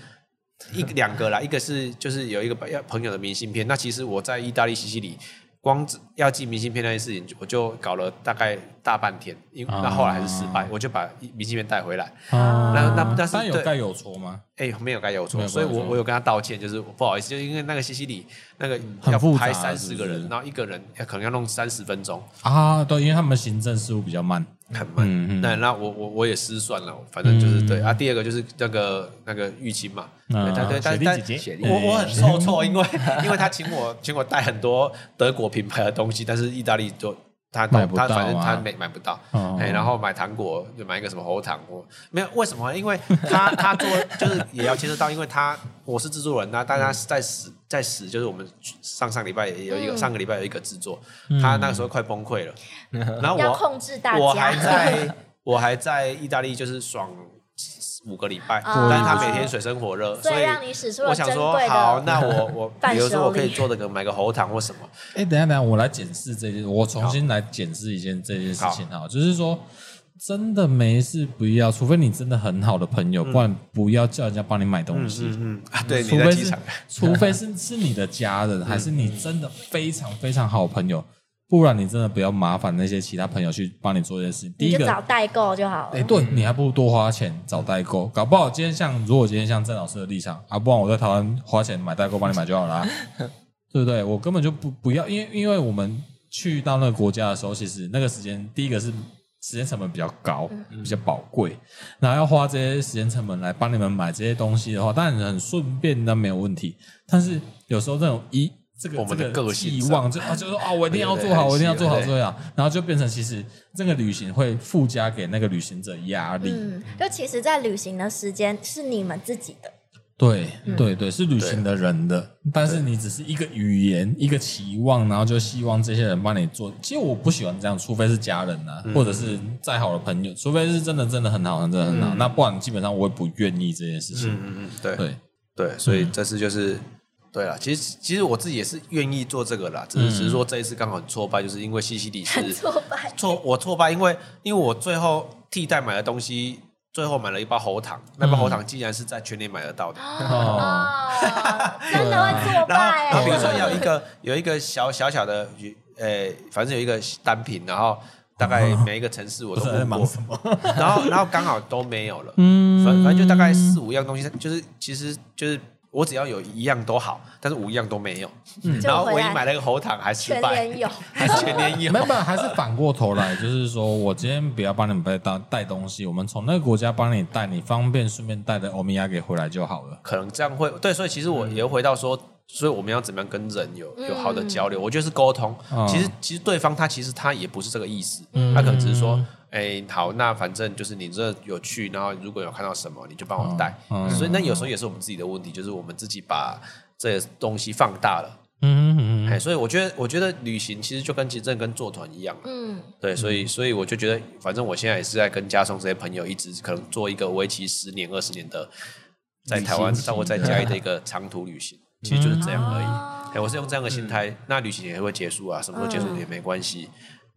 一兩個啦，一個是就是有一個朋友的明信片。 那其實我在意大利西西里，光要寄明信片那件事情，我就搞了大概大半天。嗯、因那後來還是失敗，嗯、我就把明信片帶回來。嗯、那那但是有蓋有戳嗎？哎、欸，沒有蓋有戳，有有所以我我有跟他道歉，就是不好意思，就因為那個西西里那個要拍三四個人，是是然後一個人可能要弄三十分鐘啊。對，因為他們行政事務比較慢。很慢、嗯嗯、那我我我也失算了，反正就是對、嗯、啊。第二個就是那個那個疫情嘛，啊、對，但但但我歷我，我很受挫，因為因為他請我 請我帶很多德國品牌的東西，但是意大利就。他買不到，他反正他沒買不到。哎、欸，然後買糖果就買一個什麼猴糖，沒有，為什麼？因為他他做 就是也要接受到，因為他我是製作人啊。大家在死在死，就是我們上上禮拜、嗯、也有一個，上個禮拜有一個製作，嗯、他那個時候快崩潰了。然後我要控制大家，我還在我還在意大利就是爽。五個禮拜，對但是他每天水深火熱，對所以讓你使出。我想說，好，那我我， 比如說我可以做這個，買個喉糖或什麼。哎，等一下等一下，我來解釋這件，我重新來解釋一件這件事情。哈好，就是說真的沒事不要，除非你真的很好的朋友，嗯、不然不要叫人家幫你買東西。嗯，嗯，嗯啊，對，除非是，除非是 是你的家人，還是你真的非常非常好朋友。不然你真的不要麻煩那些其他朋友去幫你做一些事情。第一個你就找代購就好了。哎、欸，對你還不如多花錢找代購，嗯、搞不好今天像如果今天像鄭老師的立場啊，不然我在台灣花錢買代購幫你買就好了、啊， 對不對？我根本就不不要，因為因為我們去到那個國家的時候，其實那個時間第一個是時間成本比較高，嗯、比較寶貴，然後要花這些時間成本來幫你們買這些東西的話，當然很順便，那沒有問題。但是有時候這種一。這個我們的期望就啊，就說啊，我一定要做好，我一定要做好，做好，然後就變成其實這個旅行會附加給那個旅行者壓力。嗯，就其實，在旅行的時間是你們自己的。對對對，是旅行的人的，但是你只是一個語言，一個期望，然後就希望這些人幫你做。其實我不喜歡這樣，除非是家人吶，或者是再好的朋友，除非是真的真的很好，真的很好。那不然基本上我也不願意這件事情。嗯嗯嗯，對對對，所以這次就是。對了，其實其實我自己也是願意做這個啦，只是、嗯、只是說這一次剛好挫敗，就是因為西西裡是挫敗，挫我挫敗，因為因為我最後替代買的東西，最後買了一包喉糖，嗯、那包喉糖竟然是在全年買得到的，哦 哦、真的會挫敗 然後比如說有一個有一個小小小的魚、欸，反正有一個單品，然後大概每一個城市我都問過，然後然後剛好都沒有了，嗯，反正就大概四五樣東西，就是其實就是。我只要有一樣都好，但是五樣都沒有。嗯、然後唯一買了個喉糖，還失敗。全年天有， 還是全年有？沒有沒有，還是反過頭來， 就是說，我今天不要幫你們帶帶東西，我們從那個國家幫你帶，你方便，順便帶着おみやげ回來就好了。可能這樣會，對，所以其實我也回到說，所以我們要怎麼樣跟人有有好的交流？嗯、我覺得是溝通。嗯、其實其實對方他其實他也不是這個意思，嗯嗯他可能只是說。哎，好，那反正就是你這有去，然後如果有看到什麼，你就幫我帶。所以那有時候也是我們自己的問題，就是我們自己把這些東西放大了。嗯嗯嗯所以我覺得，我覺得旅行其實就跟其實跟做團一樣。嗯。對，所以所以我就覺得，反正我現在也是在跟嘉頌這些朋友一直可能做一個為期十年、二十年的，在台灣、在我在嘉義的一個長途旅行，其實就是這樣而已。哎，我是用這樣的心態，那旅行也會結束啊，什麼時候結束也沒關係。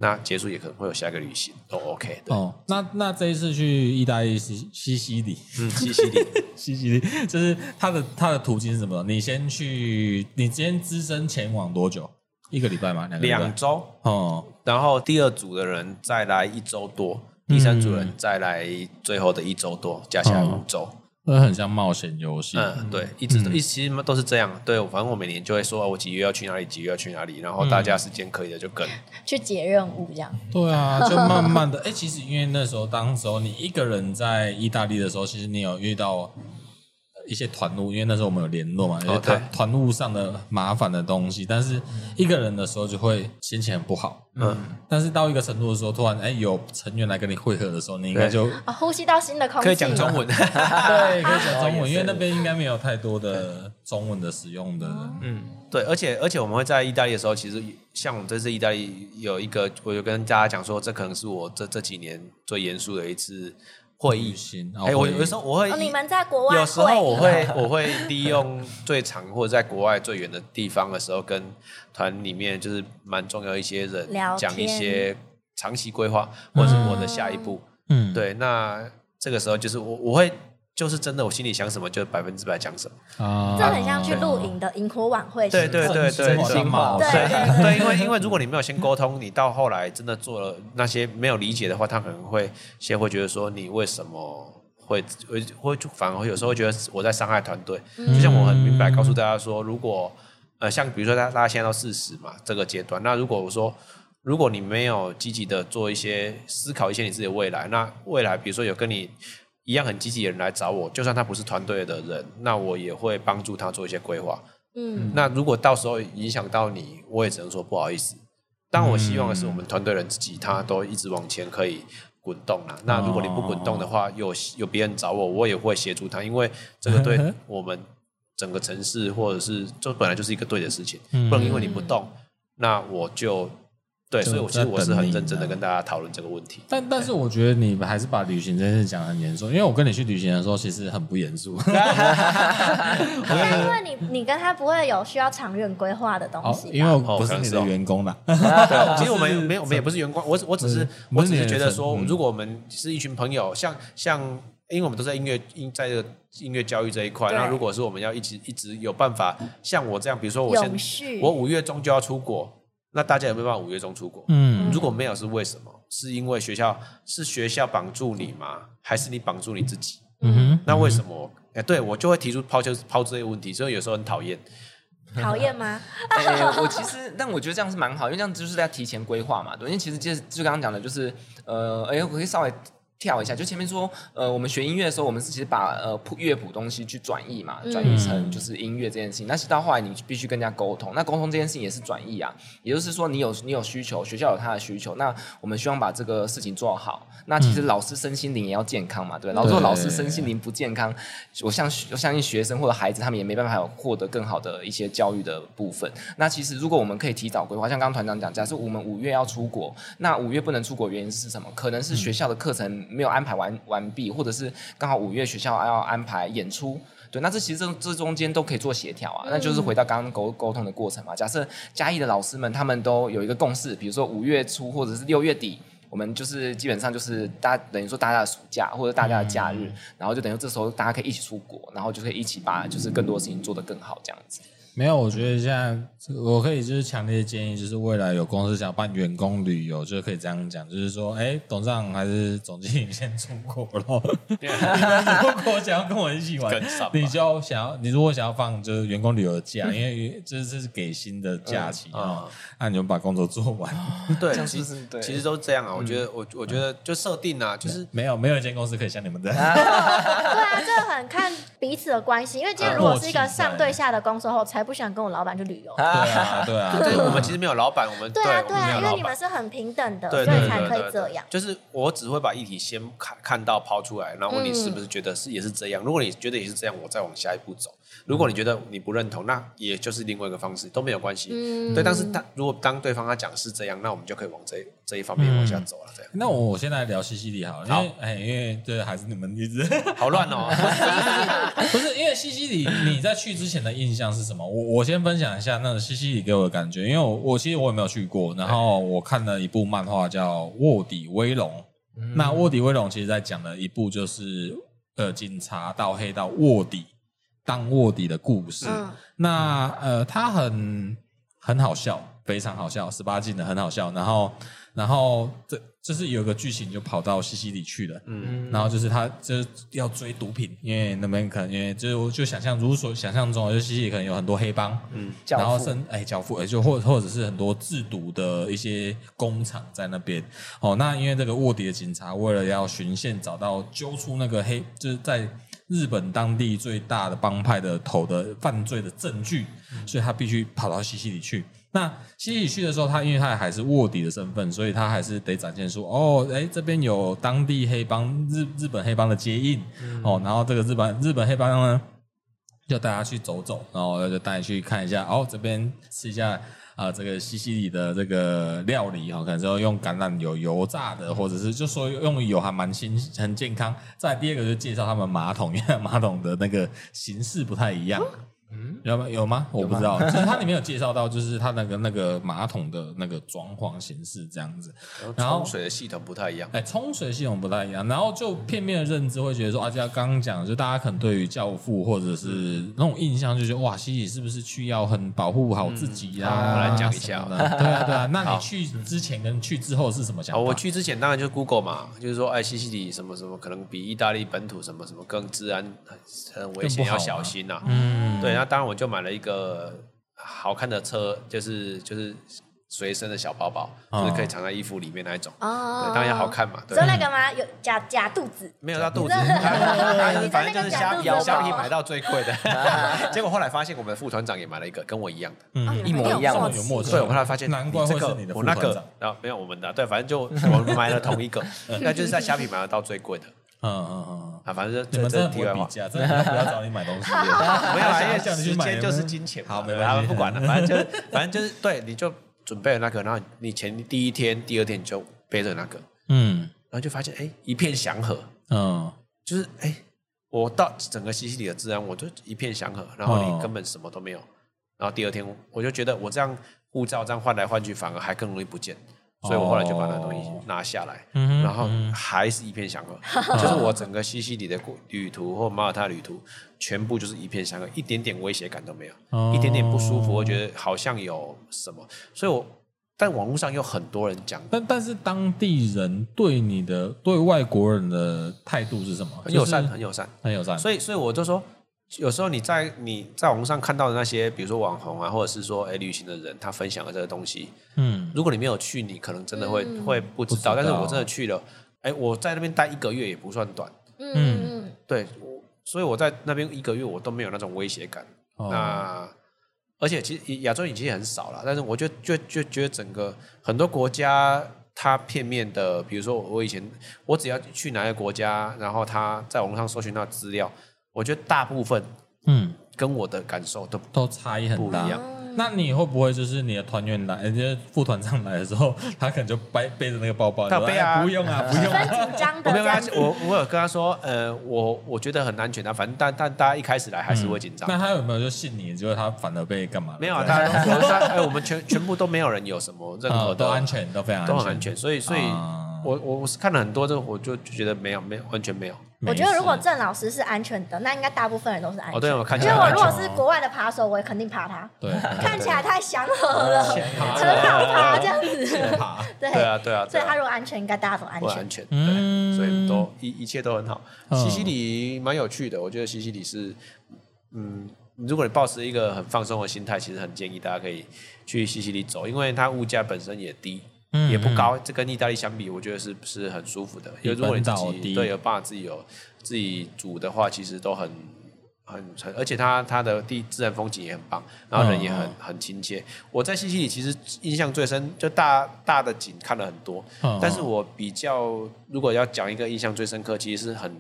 那結束也可能會有下一個旅行，都 OK 的。哦，那那這一次去意大利西西西里，嗯，西西里， 西西里，就是它的它的途徑是什麼？你先去，你先只身前往多久？一個禮拜嗎？兩個禮拜？兩週哦。然後第二組的人再來一週多，嗯嗯嗯，第三組的人再來最後的一週多，加起來五週。嗯很像冒險遊戲，嗯，對，一直都一直、嗯、其實都是這樣。對，反正我每年就會說，我幾月要去哪裡，幾月要去哪裡，然後大家時間可以的就跟、嗯、去接任務，這樣。對啊，就慢慢的，哎、 欸，其實因為那時候，當時候你一個人在意大利的時候，其實你有遇到。一些團務，因為那時候我們有聯絡嘛，因為團團務上的麻煩的東西，哦、但是一個人的時候就會心情很不好。嗯，但是到一個程度的時候，突然哎、欸、有成員來跟你會合的時候，你應該就對、哦、呼吸到新的空氣，可以講中文。 對，可以講中文，哦、因為那邊應該沒有太多的中文的使用的人。對嗯，對，而且而且我們會在意大利的時候，其實像我們這次意大利有一個，我就跟大家講說，這可能是我這這幾年最嚴肅的一次。會議型，哎，我有時候我會，你們在國外，有時候我會，我會利用最長 或者在國外最遠的地方的時候，跟團裡面就是蠻重要一些人聊天。講一些長期規劃，或者是我的下一步。嗯，對，那這個時候就是我我會。就是真的，我心裡想什麼就百分之百講什麼、啊。這很像去露營的營火晚會。啊、對對對、真心嘛、對對，對，對，因為因為如果你沒有先溝通，你到後來真的做了那些沒有理解的話，他可能會先會覺得說你為什麼會會會，反而有時候會覺得我在傷害團隊。就像我很明白告訴大家說，如果呃像比如說大家大家現在到四十嘛，這個階段，那如果我說如果你沒有積極的做一些思考，一些你自己的未來，那未來比如說有跟你。一樣很積極的人來找我，就算他不是團隊的人，那我也會幫助他做一些規劃。嗯，那如果到時候影響到你，我也只能說不好意思。但我希望的是，我們團隊人自己他都一直往前可以滾動了啊。那如果你不滾動的話，有有別人找我，我也會協助他，因為這個對我們整個城市或者是這本來就是一個對的事情，不能因為你不動，那我就。對，所以我其實我是很認真的跟大家討論這個問題。但但是我覺得你們還是把旅行這件事講得很嚴肅，因為我跟你去旅行的時候其實很不嚴肅。但因為你你跟他不會有需要長遠規劃的東西，因為我不是你的員工嘛。其實我們沒有，我們也不是員工，我我只是我只是覺得說，如果我們是一群朋友，像像，因為我們都在音樂音在這個音樂教育這一塊，那如果是我們要一直一直有辦法，像我這樣，比如說我我五月中就要出國。那大家有沒有辦法，五月中出國？嗯，如果沒有是為什麼？是因為學校是學校綁住你嗎？還是你綁住你自己？嗯哼，那為什麼？哎、欸，對，我就會提出拋就拋這些問題，所以有時候很討厭。討厭嗎？哎、 欸，我其實但我覺得這樣是蠻好，因為這樣就是在提前規劃嘛。對，因為其實就就剛剛講的就是，呃，哎、欸，我可以稍微。跳一下，就前面說，呃，我們學音樂的時候，我們是其實把呃譜樂譜東西去轉譯嘛，轉譯成就是音樂這件事情。但是、嗯、到後來，你必須跟人家溝通，那溝通這件事情也是轉譯啊。也就是說，你有你有需求，學校有他的需求，那我們希望把這個事情做好。那其實老師身心靈也要健康嘛，嗯、對，然後如果老師身心靈不健康，我相我相信學生或者孩子他們也沒辦法有獲得更好的一些教育的部分。那其實如果我們可以提早規劃，像剛剛團長講，假設我們五月要出國，那五月不能出國原因是什麼？可能是學校的課程。嗯沒有安排完完畢，或者是剛好五月學校要安排演出，對，那這其實這，這中間都可以做協調啊，那、嗯、就是回到剛剛溝溝通的過程嘛。假設嘉義的老師們他們都有一個共識，比如說五月初或者是六月底，我們就是基本上就是大等於說大家的暑假或者大家的假日，嗯、然後就等於這時候大家可以一起出國，然後就可以一起把就是更多事情做得更好這樣子。沒有，我覺得現在我可以就是強烈建議，就是未來有公司想辦員工旅遊，就是可以這樣講，就是說，哎、欸，董事長還是總經理先出國了。對 你如果想要跟我一起玩，你就想要你如果想要放就是員工旅遊的假，嗯、因為是這是給薪的假期、嗯哦、啊，那你們把工作做完。對，其實期其實都是這樣啊。我覺得我、嗯、我覺得就設定了、啊，嗯、就是沒有沒有一間公司可以像你們這樣。 對啊，這很看彼此的關係，因為今天如果是一個上對下的公司後才。不想跟我老板去旅遊。啊啊對啊對啊，對我們其實沒有老板，我們對啊對啊，我們沒有老闆，因為你們是很平等的，對對對所以才可以這樣。對對對就是我只會把議題先看看到拋出來，然後問你是不是覺得是也是這樣。嗯。如果你覺得也是這樣，我再往下一步走。如果你覺得你不認同，那也就是另外一個方式都沒有關係，嗯、對。但是，他如果當對方他講是這樣，那我們就可以往這一這一方面往下走了。這、嗯、對那我我現在先來聊西西里好，了好因、欸，因為哎，因為這還是你們一直好亂哦、喔， 不是， 不是因為西西里你在去之前的印象是什麼？我我先分享一下那個西西里給我的感覺，因為我我其實我也沒有去過，然後我看了一部漫畫叫《臥底威龍》嗯，那《臥底威龍》其實在講的一部就是呃警察到黑道臥底。當臥底的故事，啊、那呃，他很很好笑，非常好笑，十八禁的很好笑。然後，然後這這、就是有一個劇情就跑到西西裡去了，嗯，然後就是他就要追毒品，因為那邊可能因為就就想象如所想象中，就西西裡可能有很多黑幫，嗯，然後生哎，教父、欸，就或者或者是很多制毒的一些工廠在那邊。哦，那因為這個臥底的警察為了要循線找到揪出那個黑，就是在。日本當地最大的幫派的頭的犯罪的證據，所以他必須跑到西西里去。那西西里去的時候，他因為他還是臥底的身份，所以他還是得展現出哦，哎、欸，這邊有當地黑幫日日本黑幫的接應、嗯、哦，然後這個日本日本黑幫呢，要帶他去走走，然後就帶你去看一下哦，這邊吃一下。啊，這個西西里的這個料理啊，可能就用橄欖油油炸的，或者是就說用油還蠻新，很健康。再第二個就介紹他們馬桶，因為馬桶的那個形式不太一樣。嗯，有嗎？有嗎？我不知道。有嗎 就是它裡面有介紹到，就是它那個那個馬桶的那個裝潢形式這樣子，然後呃、沖水的系統不太一樣。哎、欸，沖水系統不太一樣，然後就片面的認知會覺得說，啊，就像剛剛講的，就大家可能對於教父或者是那種印象，就覺得哇，西西里是不是需要很保護好自己啊？我來講一下，對啊，對啊，對啊 好。那你去之前跟去之後是什麼想法？我去之前當然就是 Google 嘛，就是說，哎，西西里什麼什麼，可能比意大利本土什麼什麼更治安很危險，要小心吶、啊。嗯，對。那當然，我就買了一個好看的車，就是就是隨身的小包包，就是可以藏在衣服裡面那一種。哦，當然好看嘛。是那個嗎？有假假肚子？沒有假肚子，反正就是蝦皮蝦皮買到最貴的。結果後來發現，我們的副團長也買了一個，跟我一樣的，一模一樣。送有墨水，我後來發現，難怪會是你的副團長。然後沒有我們的，對，反正就我買了同一個，那就是在蝦皮買到最貴的。嗯嗯嗯，啊，反正就是題外話，真的不要找你買東西，不要，因為時間，就是金錢。好，沒有他們不管了，反正就反正就是對，你就準備了那個，然後你前第一天、第二天你就背着那個，嗯，然後就發現哎，一片祥和，嗯，就是哎，我到整個西西里的治安，我就一片祥和，然後你根本什麼都沒有，然後第二天我就覺得我這樣護照這樣換來換去，反而還更容易不見。所以我後來就把那東西拿下來，哦嗯、然後還是一片祥和，嗯、就是我整個西西里的旅途或馬耳他旅途，全部就是一片祥和，一點點威脅感都沒有，哦、一點點不舒服，我覺得好像有什麼。所以我但網絡上有很多人講，但但是當地人對你的對外國人的態度是什麼？就是、很友善，很友善，很友善。所以所以我就說。有時候你在你在網上看到的那些，比如說網紅啊，或者是說哎、欸、旅行的人，他分享的這個東西，嗯，如果你沒有去，你可能真的會、嗯、會不知道。知道但是我真的去了，哎、欸，我在那邊待一個月也不算短，嗯對，所以我在那邊一個月我都沒有那種威脅感。哦、那而且其實亞洲已經很少了，但是我覺得就就覺得整個很多國家它片面的，比如說我以前我只要去哪一個國家，然後他在網上搜尋到資料。我覺得大部分，嗯，跟我的感受都不，嗯、都差異很大。一樣，嗯、那你會不會就是你的團員來，人家副團長來的時候，他可能就背背着那個包包，他背啊，哎，不用啊，啊不用，啊。我沒有跟他我我有跟他說，呃，我我覺得很安全的，啊。反正但但大家一開始來還是會緊張，嗯。那他有沒有就信你，結果他反而被幹嘛？沒有，他 他哎，呃，我們全全部都沒有人有什麼任何的，啊，都安全，都非常都很安全。所以所以，啊，我我我是看了很多，就我就就覺得沒有，沒有，完全沒有。沒我覺得如果鄭老師是安全的，那應該大部分人都是安全的。我、哦啊哦、因為我如果是國外的扒手，我也肯定扒他。對。 看起來太祥和了，肯定扒他這樣子。扒、嗯。嗯、對對啊對啊。對啊對啊對啊，所以他如果安全，啊啊啊、應該大家都安、安全。對，所以都一一切都很好。嗯、西西里蠻有趣的，我覺得西西里是，嗯，如果你抱持一個很放鬆的心態，其實很建議大家可以去西西里走，因為它物價本身也低。也不高，嗯嗯，這跟意大利相比我覺得是是很舒服的。因為如果你自己對有辦法，自己有自己煮的話，其實都很很、很而且它它的地自然風景也很棒，然後人也很、哦、很親切。我在西西里其實印象最深，就大大的景看了很多，哦、但是我比較如果要講一個印象最深刻，其實是很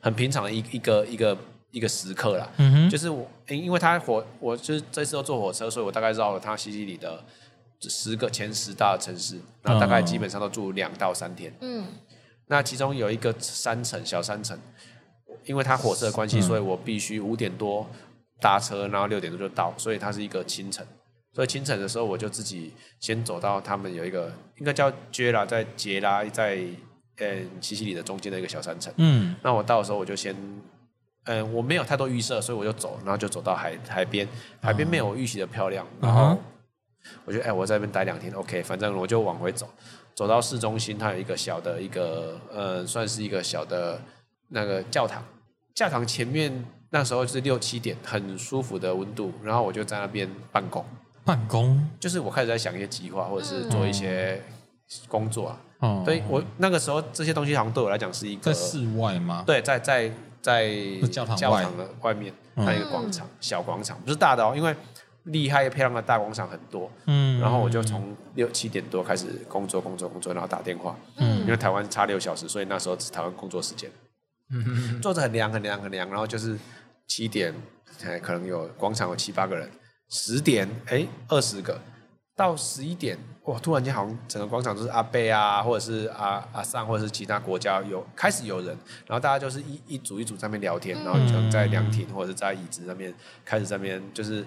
很平常的一個一個一個一個時刻啦。嗯、哼就是我，因為，他火，我就是這次要坐火車，所以我大概繞了他西西里的。十個前十大城市，那大概基本上都住兩到三天。嗯、uh，huh. 那其中有一個山城，小山城，因為它火車的關係，uh huh. 所以我必須五點多搭車，然後六點多就到，所以它是一個清晨。所以清晨的時候，我就自己先走到他們有一個應該叫杰拉，在杰拉在嗯，西西里的中間的一個小山城。嗯、uh，huh. 那我到的時候，我就先嗯，我沒有太多預設，所以我就走，然後就走到海海邊，海邊沒有我預期的漂亮。Uh huh. 然後我就，哎、欸，我在那邊待兩天，OK，反正我就往回走，走到市中心，它有一個小的一個，呃，算是一個小的，那個教堂。教堂前面那時候就是六七點，很舒服的溫度，然後我就在那邊辦公。辦公就是我開始在想一些計劃，或者是做一些工作啊。哦、嗯，所以我那個時候這些東西，好像對我來講是一個在室外嗎？對，在在在教堂，教堂的外面，還有一個廣場，嗯、小廣場，不是大的哦，因為。厲害漂亮的大廣場很多，嗯，然後我就從六七點多開始工作，工作，工作，然後打電話，嗯，因為台灣差六小時，所以那時候只是台灣工作時間，嗯嗯，坐着很涼很涼很涼，然後就是七點哎，可能有廣場有七八個人，十點哎，二十個，到十一點哇，突然間好像整個廣場都是阿伯啊，或者是阿阿桑，或者是其他國家有開始有人，然後大家就是一一組一組在那邊聊天，嗯、然後就在涼亭或者是在椅子上面開始在那邊就是。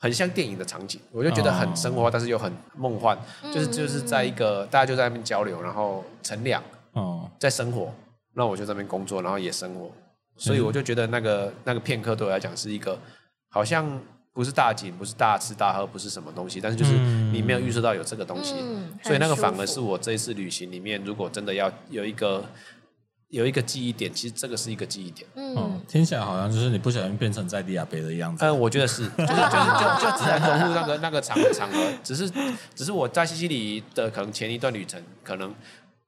很像電影的場景，我就覺得很生活，oh. 但是又很夢幻，就是就是在一個大家就在那邊交流，然後乘涼，oh. 在生活，那我就在那邊工作，然後也生活，所以我就覺得那個、mm hmm. 那個片刻對我來講是一個好像不是大景，不是大吃大喝，不是什麼東西，但是就是你沒有預設到有這個東西，mm hmm. 所以那個反而是我這一次旅行裡面，如果真的要有一個。有一個記憶點，其實這個是一個記憶點。嗯，聽起來好像就是你不小心變成在地亞北的樣子。嗯，我覺得是， 是就是就是就就自然融入那個 那個場合 場合，只是只是我在西西里的可能前一段旅程，可能、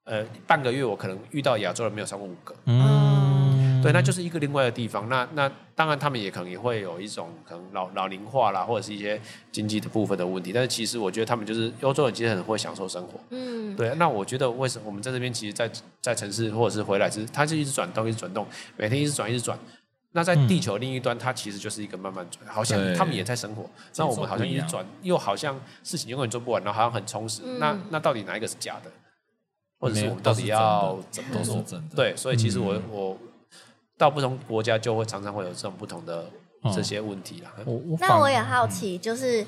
呃、半個月，我可能遇到亞洲人沒有超過五個。嗯。對，那就是一個另外的地方。那那當然，他們也可能也會有一種可能老老齡化啦，或者是一些經濟的部分的問題。但是其實我覺得他們就是歐洲人其實很會享受生活。嗯，對。那我覺得為什麼我們在這邊其實在，在在城市或者是回來是，其實他就一直轉動，一直轉動，每天一直轉，一直轉。那在地球另一端，他其實就是一個慢慢轉，好像他們也在生活。那對我們好像一直轉，又好像事情永遠做不完，然後好像很充實。嗯、那那到底哪一個是假的？或者是我們到底要怎麼做？都是真的，都是真的對，所以其實我、嗯、我。到不同國家就會常常會有這種不同的這些問題啦、嗯、那我也好奇，就是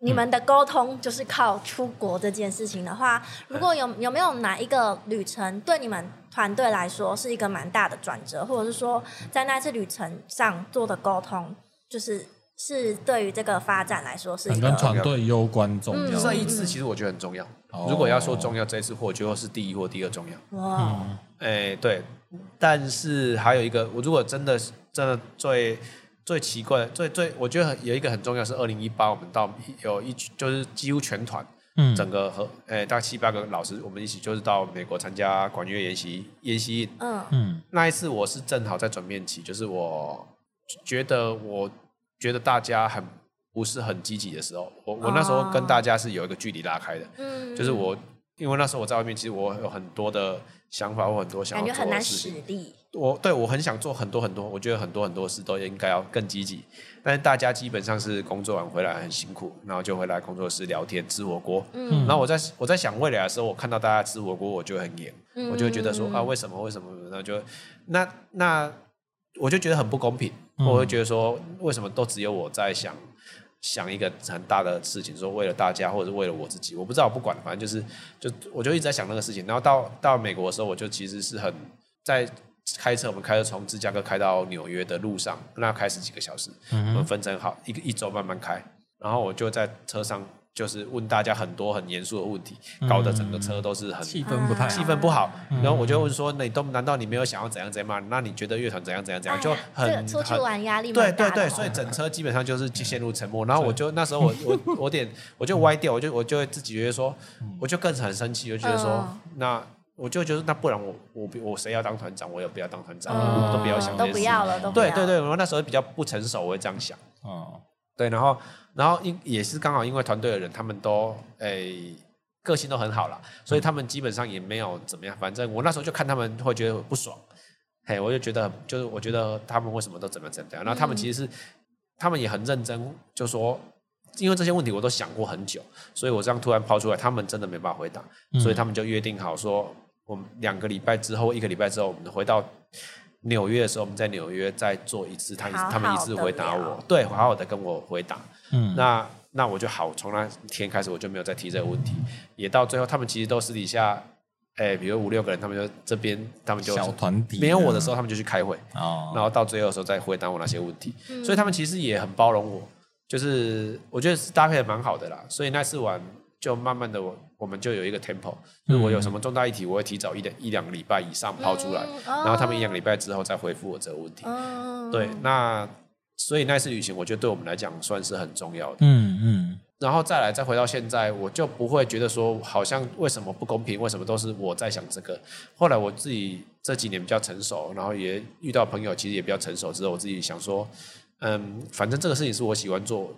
你們的溝通就是靠出國這件事情的話，如果有有沒有哪一個旅程對你們團隊來說是一個蠻大的轉折，或者是說在那次旅程上做的溝通，就是是對於這個發展來說是一個團隊攸關重要。這、嗯、一次其實我覺得很重要。嗯、如果要說重要，哦、這一次我覺得是第一或者第二重要。哇、嗯。嗯哎、欸，對，但是還有一個，我如果真的是真的最最奇怪，最最我覺得有一個很重要是二零一八，我們到有一就是幾乎全團，嗯，整個和哎、欸、大概七八個老師我們一起就是到美國參加管樂演習演習嗯嗯，那一次我是正好在轉變期，就是我覺得我覺得大家很不是很積極的時候，我我那時候跟大家是有一個距離拉開的，嗯，就是我因為那時候我在外面，其實我有很多的。想法我很多，想要做很多事。我對我很想做很多很多，我覺得很多很多事都應該要更積極。但是大家基本上是工作完回來很辛苦，然後就回來工作室聊天吃火鍋。嗯，然後我在我在想未來的時候，我看到大家吃火鍋，我就很嚴，嗯嗯我就會覺得說啊，為什麼為什麼？然後就那那我就覺得很不公平，嗯、我會覺得說為什麼都只有我在想。想一個很大的事情，就是，說為了大家，或者是為了我自己，我不知道，我不管，反正就是，就我就一直在想那個事情。然後到到美國的時候，我就其實是很在開車，我們開車從芝加哥開到紐約的路上，那開始幾個小時，我們分成好一一周慢慢開。然後我就在車上。就是問大家很多很嚴肅的問題，搞得，整個車都是很氣氛不太氣氛不好。然後我就問說：“那你都難道你沒有想要怎樣怎樣嗎？那你覺得樂團怎樣怎樣怎樣？”就很很壓力。對對對，所以整車基本上就是陷入沉默。然後我就那時候我我我點我就歪掉，我就我就會自己覺得說，我就更是很生氣，就覺得說，那我就覺得那不然我我我誰要當團長我也不要當團長，都不要想都不要了。對對對，我那時候比較不成熟，我會這樣想。哦，對，然後。然後因也是剛好因為團隊的人他們都誒、欸、個性都很好了，所以他們基本上也沒有怎麼樣。反正我那時候就看他們會覺得不爽，嘿，我就覺得就是我覺得他們為什麼都怎麼樣怎麼樣？嗯、然後他們其實是他們也很認真，就說因為這些問題我都想過很久，所以我這樣突然拋出來，他們真的沒辦法回答，所以他們就約定好說，我們兩個禮拜之後，一個禮拜之後，我們回到紐約的時候，我們在紐約再做一次，他他們一次回答我，好好對，好好的跟我回答。嗯，那那我就好，從那天開始我就沒有再提這個問題，嗯、也到最後他們其實都私底下，哎、欸，比如說五六個人，他們就這邊他們就小團體沒有我的時候，他們就去開會，哦、然後到最後的時候再回答我那些問題，嗯、所以他們其實也很包容我，就是我覺得是搭配的蠻好的啦，所以那次玩就慢慢的我我們就有一個 tempo，就是我有什麼重大議題，我會提早一點一兩個禮拜以上拋出來，嗯、然後他們一兩個禮拜之後再回復我這個問題，嗯、對，那。所以那次旅行，我覺得對我們來講算是很重要的。嗯嗯。然後再來，再回到現在，我就不會覺得說，好像為什麼不公平？為什麼都是我在想這個？後來我自己這幾年比較成熟，然後也遇到朋友，其實也比較成熟之後，我自己想說，嗯，反正這個事情是我喜歡做，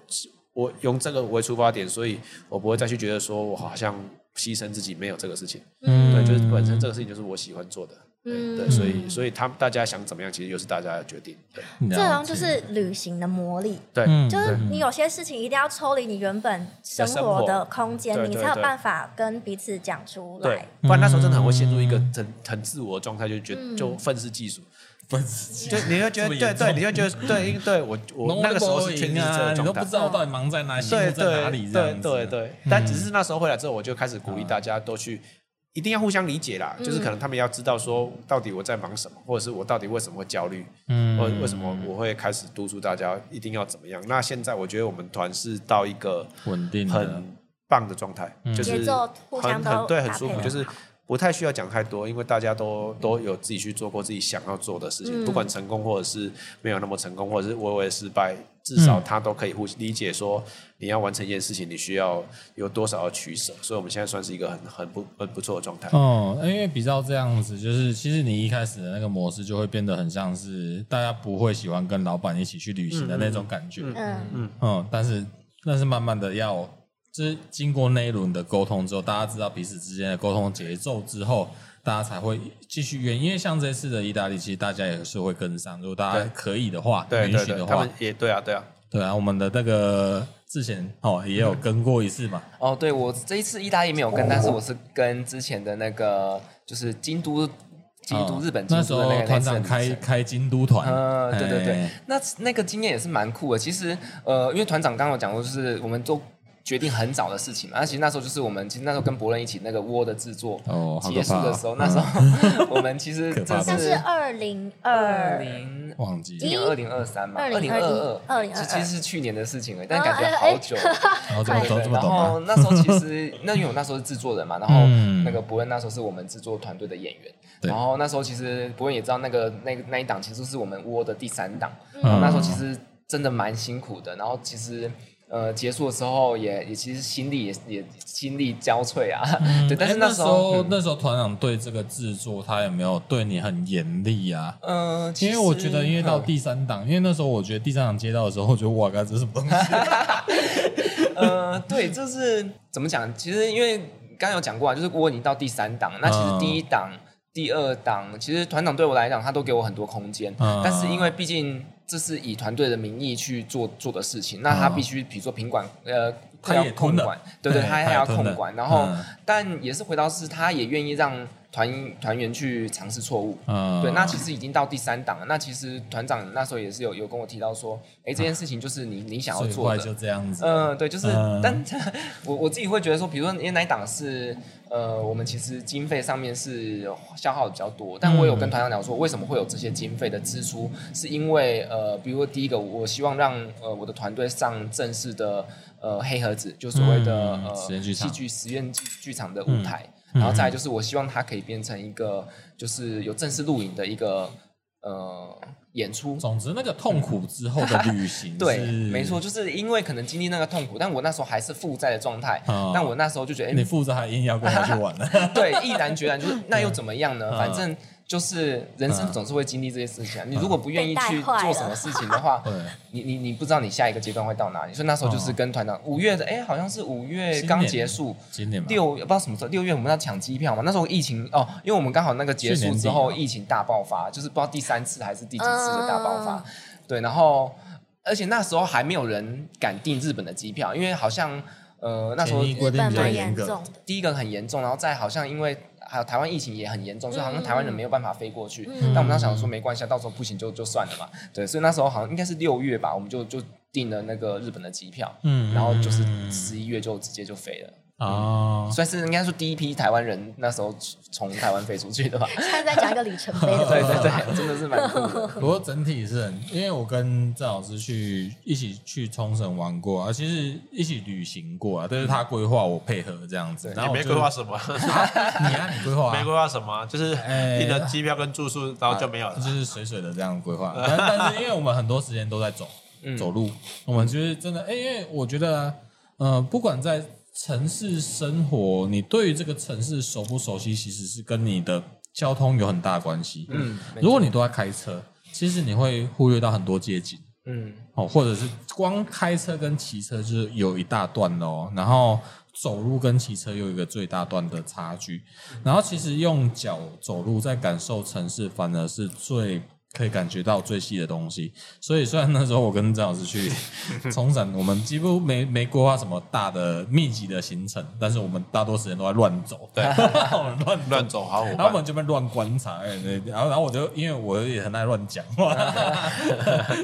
我用這個為出發點，所以我不會再去覺得說我好像犧牲自己沒有這個事情。嗯。對，就是本身這個事情就是我喜歡做的。嗯，對，所以所以他大家想怎麼樣，其實又是大家的決定。對嗯、這種就是旅行的魔力，對，對就是你有些事情一定要抽離你原本生活的空間，你才有辦法跟彼此講出來對。不然那時候真的很會陷入一個很很自我的狀態，就覺得就憤世嫉俗。憤世嫉俗、嗯，憤世嫉俗。對，你會覺得對對，你會覺得對對，我我那個時候是天之驕子，你都不知道我到底忙在哪裡，哪裡對，對，對。對。對。對、嗯。對。對。對對，但只是那時候回來之後，我就開始鼓勵大家都去。一定要互相理解啦，嗯、就是可能他們要知道說，到底我在忙什麼，或者是我到底為什麼會焦慮，嗯，或者為什麼我會開始督促大家一定要怎麼樣。那現在我覺得我們團是到一個穩定很棒的狀態，就是很、嗯、很，很對，很舒服，就是不太需要講太多，因為大家都都有自己去做過自己想要做的事情，嗯、不管成功或者是沒有那麼成功，或者是微微失敗，至少他都可以互相理解說。你要完成一件事情，你需要有多少的取捨？所以我們現在算是一個很很不很不錯的狀態。哦，因為比較這樣子，就是其實你一開始的那個模式就會變得很像是大家不會喜歡跟老板一起去旅行的那種感覺。嗯嗯，但是但是慢慢的要，就是經過那一輪的溝通之後，大家知道彼此之間的溝通節奏之後，大家才會繼續遠。因為像這次的意大利，其實大家也是會跟上，如果大家可以的話，對，對，對，對，允許的話，也對啊，對啊，對啊，對啊，我們的那個。之前哦，也有跟過一次嘛。嗯、哦，對，我這一次意大利沒有跟，哦、但是我是跟之前的那個就是京都京都、哦、日本京都的那個那團長開開京都團，呃、對對對，哎、那那個經驗也是蠻酷的。其實呃，因為團長剛剛有講過，就是我們做。決定很早的事情嘛，那、啊、其實那時候就是我們其實那時候跟伯倫一起那個窩的製作結束的時候，oh, 啊、那時候我們其實真的是二零二零忘記了，二零二三嘛，二零二二，二其實是去年的事情，但感覺好久，oh, 對對對，哎哎哎，然後那時候其實那因為我那時候是製作人嘛，然後那個伯倫那時候是我們製作團隊的、的演員，然後那時候其實伯倫也知道那個那那一檔其實是我們窩的第三檔，嗯、那時候其實真的蠻辛苦的，然後其實。呃，結束的時候也也其實心力也也心力交瘁啊、嗯， 對。但是那時候、欸、那時候團、嗯、長對這個製作，他有沒有對你很嚴厲啊？嗯、呃，其實因為我覺得，因為到第三檔，嗯、因為那時候我覺得第三檔接到的時候，我覺得、嗯、哇靠，這是什麼東西、啊哈哈哈哈？呃， 對，就是怎麼講？其實因為剛才有講過啊，就是我已經到第三檔，那其實第一檔、嗯、第二檔，其實團長對我來講，他都給我很多空間。嗯、但是因為畢竟。這是以團隊的名義去做做的事情，那他必須，比如說品管，啊、呃，他要控管，對對，他，他還要控管，然後，嗯、但也是回到是，他也願意讓。團團員去嘗試錯誤，呃、對，那其實已經到第三檔了。那其實團長那時候也是有有跟我提到說，哎、欸，這件事情就是你、啊、你想要做的，就這樣子。嗯、呃，對，就是。呃、但我我自己會覺得說，比如說，那一檔是呃，我們其實經費上面是消耗的比較多。但我有跟團長講說，嗯、為什麼會有這些經費的支出，是因為呃，比如說第一個，我希望讓呃我的團隊上正式的呃黑盒子，就所謂的、嗯、呃戲劇實驗劇場的舞台。嗯然後再來就是，我希望它可以變成一個，就是有正式錄影的一個呃演出。總之，那個痛苦之後的旅行、嗯哈哈，對，沒錯，就是因為可能經歷那個痛苦，但我那時候還是負債的狀態，嗯、但我那時候就覺得，哎、欸，你負債還硬要跟他去玩呢，對，毅 然決然，就是那又怎麼樣呢？反正。嗯嗯就是人生總是會經歷這些事情，啊。嗯、你如果不願意去做什麼事情的話， 你你你不知道你下一個階段會到哪裡。所以那時候就是跟團長，嗯、五月的，哎、欸，好像是五月剛結束，今年，年六不知道什麼時候六月，我們要搶機票嘛。那時候疫情哦，因為我們剛好那個結束之後，疫情大爆發，就是不知道第三次還是第幾次的大爆發。嗯、對，然後而且那時候還沒有人敢訂日本的機票，因為好像呃那時候日本比較嚴重，第一個很嚴重，然後再好像因為。還有台灣疫情也很嚴重，所以好像台灣人沒有辦法飛過去。嗯嗯嗯，但我們當時想說，沒關係啊，到時候不行就就算了嘛。對，所以那時候好像應該是六月吧，我們就就訂了那個日本的機票，嗯嗯，然後就是十一月就直接就飛了。哦，算是應該是第一批台灣人那時候從台灣飛出去的吧。他是在加一個里程碑。對對對，真的是蠻酷的。不過整體是很，因為我跟鄭老師去一起去沖繩玩過啊，其實一起旅行過啊，但是他規劃我配合這樣子。你沒規劃什麼？你啊，你規劃。沒規劃什麼，就是訂的機票跟住宿，然後就沒有了，就是水水的這樣規劃。但是因為我們很多時間都在走，走路，我們就是真的，哎，因為我覺得，呃，不管在。城市生活，你對於這個城市熟不熟悉，其實是跟你的交通有很大關係。嗯，如果你都在開車，其實你會忽略到很多街景。嗯、哦，或者是光開車跟騎車就是有一大段咯、哦、然後走路跟騎車又有一個最大段的差距，嗯、然後其實用腳走路在感受城市反而是最。可以感覺到最細的東西，所以雖然那時候我跟張老師去沖繩，我們幾乎沒沒規劃什麼大的密集的行程，但是我們大多時間都在亂走，對，亂亂走，好，然後我們這邊亂觀察，哎，然後然後我就因為我也很愛亂講話，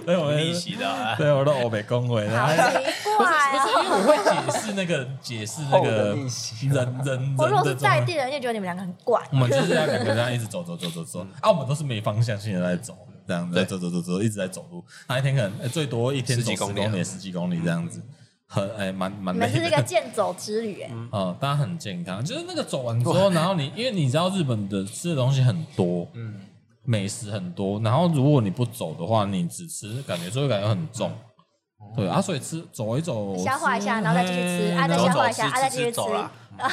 所以我們一起的，對我都我沒恭維，奇怪啊，我會解釋那個解釋那個人人我如果是在地人，就覺得你們兩個很怪，我們就是要兩個人一直走走走走走，啊我們都是沒方向性的在走。這樣子，走走走走一直在走路，那一天可能最多一天走十公里十幾公里這樣子，很哎蠻蠻每次是一個健走之旅嗯，大家很健康，就是那個走完之後，然後你因為你知道日本的吃的東西很多，嗯，美食很多，然後如果你不走的話，你只吃，感覺就會感覺很重，對啊，所以吃走一走，消化一下，然後再繼續吃，啊，再消化一下，再繼續吃，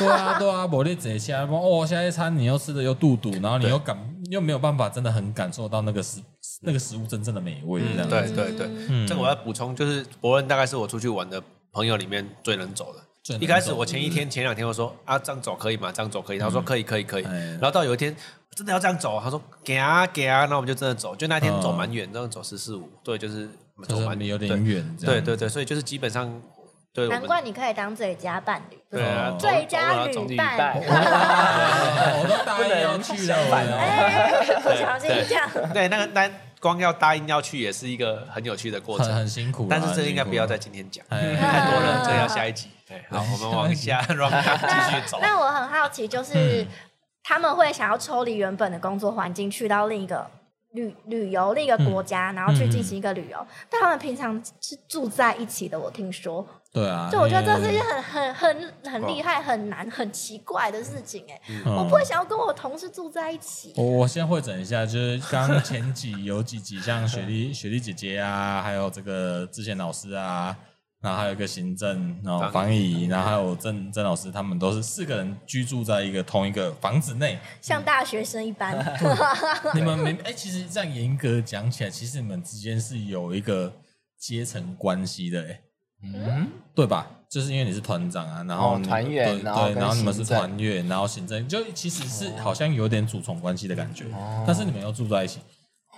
對啊對啊，我累死下來，哦，下一餐你又吃的又肚肚，然後你又感又沒有辦法，真的很感受到那個是，那個食物真正的美味，對對對，這個我要補充，就是伯倫大概是我出去玩的朋友裡面最能走的。一開始我前一天、前兩天我說，啊，這樣走可以嗎？這樣走可以？他說可以、可以、可以。然後到有一天真的要這樣走，他說給啊給啊，那我們就真的走。就那天走蠻遠，這樣走十四五，對，就是走蠻遠，有點遠。對對對，所以就是基本上，對，難怪你可以當最佳伴侶，對啊，最佳旅伴。我都答應要去的，對，那個光要答應要去也是一個很有趣的過程，很，很辛苦。但是這個應該不要在今天講，很因為太多人，這、嗯、要下一集。對，好，我們往下，run, 下，讓他們繼續走 那。那我很好奇，就是、嗯、他們會想要抽離原本的工作環境，去到另一個旅旅遊、另一個國家，嗯、然後去進行一個旅遊。嗯、但他們平常是住在一起的，我聽說。對啊，就我覺得這是一件很很很很厲害、很難、很奇怪的事情哎，我不會想要跟我同事住在一起。我先會整一下，就是剛剛前幾有幾集，像雪莉、雪莉姐姐啊，還有這個志賢老師啊，然後，還有一個行政，然後房怡，然後還有鄭鄭老師，他們都是四個人居住在一個同一個房子內，像大學生一般。你們沒哎，其實這樣嚴格講起來，其實你們之間是有一個階層關係的哎。嗯，對吧？就是因為你是團長啊，然後、哦、團員，對，然後，對，然後你們是團員，然後行政，就其實是好像有點主從關係的感覺，哦、但是你們又住在一起。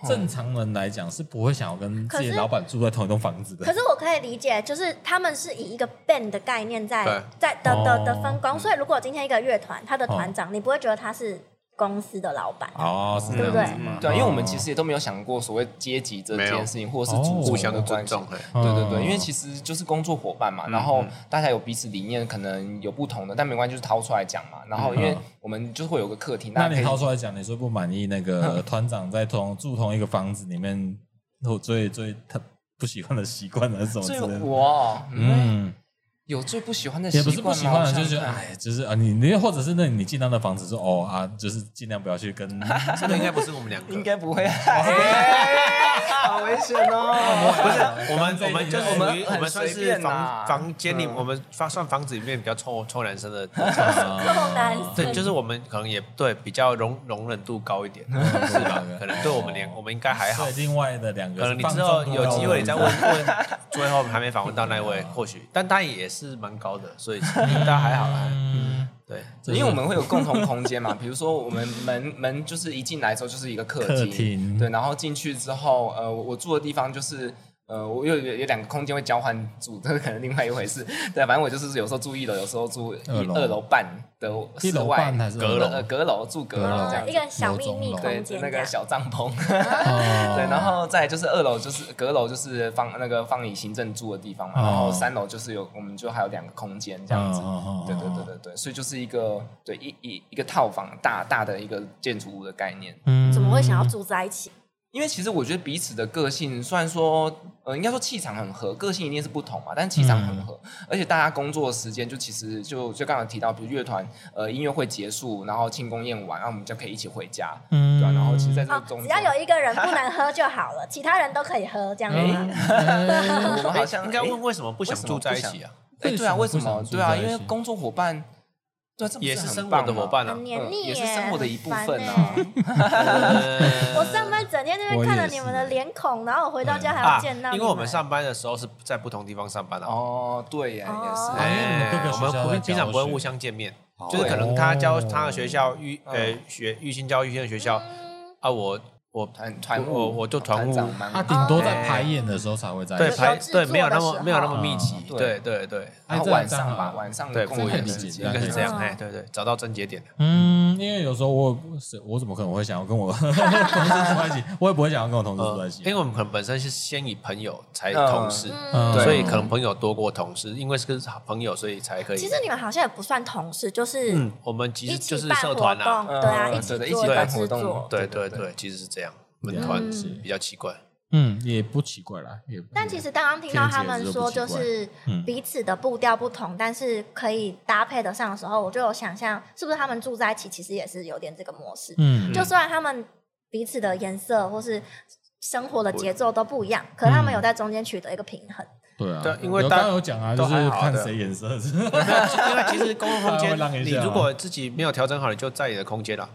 哦、正常人來講是不會想要跟自己老板住在同一棟房子的。可是，可是我可以理解，就是他們是以一個 band 的概念在對在的，的的的分工。哦、所以如果今天一個樂團，嗯、他的團長，哦、你不會覺得他是。公司的老闆哦，對對對，因為我們其實也都沒有想過所謂階級這件事情，或者是主互相的尊重，對對對，因為其實就是工作夥伴嘛，然後大家有彼此理念可能有不同的，但沒關係，就是掏出來講嘛。然後因為我們就會有個客廳，那你掏出來講，你說不滿意那個團長在同住同一個房子裡面最最他不喜歡的習慣是什麼？這是我，嗯。有最不喜歡的，也不是不喜歡，就是覺得，哎，就是啊，你你或者是那，你進他的房子說哦啊，就是盡量不要去跟，啊、這個應該不是我們兩個， 應該不會。好危險哦！不是我們，我們就是屬於我們算是房房間裡，我們發算房子裡面比較臭臭男生的男生，對，就是我們可能也對比較容容忍度高一點，是吧？可能對我們連我們應該還好。另外的兩個，可能你之後有機會你再問問，最後還沒訪問到那位，或許但他也是蠻高的，所以應該還好啦。對，因為我們會有共同空間嘛， 比如說我們門門就是一進來之後就是一個客廳，客廳，對，然後進去之後，呃，我住的地方就是。呃，我有有有兩個空間會交換住，這可能另外一回事。對，反正我就是有時候住一樓，有時候住二樓半的室外閣樓，呃樓，閣樓格住閣樓這，這樣，一個小秘密，對，住、就是、那個小帳篷。嗯、 對，然後再就是二樓就是閣樓，就是放那個放以行政住的地方嘛。然後三樓就是有，我們就還有兩個空間這樣子。嗯、對對對對對，所以就是一個對一一一,一個套房大大的一個建築物的概念。嗯，怎麼會想要住在一起？因為其實我覺得彼此的個性，雖然說呃應該說氣場很合，個性一定是不同嘛，但是氣場很合，嗯、而且大家工作時間就其實就就剛剛提到，比如樂團呃音樂會結束，然後慶功宴完，然後我們就可以一起回家，嗯，對、啊，然後其實在這中間、哦、只要有一個人不能喝就好了，哈哈其他人都可以喝這樣子。我們好像、欸、應該問為什麼不想住在一起啊？欸、對啊，為什麼？對啊，因為工作夥伴。也是生活，怎麼辦呢？也是生活的一部分呢。我上班整天就看着你們的臉孔，然後我回到家還要見到。因為我們上班的時候是在不同地方上班的哦。對呀，也是。哎，我們不會經常不會互相見面，就是可能他教他的學校育，呃，學育新教育新的學校啊，我。我團團我我就團務，他頂多在排演的時候才會在，對排對沒有那麼沒有那麼密集，對對對，然後晚上吧，晚上對，我很理解應該是這樣，哎對對，找到症結點了嗯，因為有時候我我怎麼可能會想要跟我同事關係，我也不會想要跟我同事關係，因為我們可能本身是先以朋友才同事，所以可能朋友多過同事，因為是跟朋友所以才可以。其實你們好像也不算同事，就是我們其實就是社團啊，對啊，一起做活動，對對對，其實是這樣。門團是比較奇怪，嗯，也不奇怪啦。但其實剛剛聽到他們說，就是彼此的步調不同，但是可以搭配得上的時候，我就有想象，是不是他們住在一起，其實也是有點這個模式。嗯，就雖然他們彼此的顏色或是生活的節奏都不一樣，可他們有在中間取得一個平衡。對啊，因為剛有講啊，就是看誰顏色。因為其實公共空間，你如果自己沒有調整好，你就在你的空間了。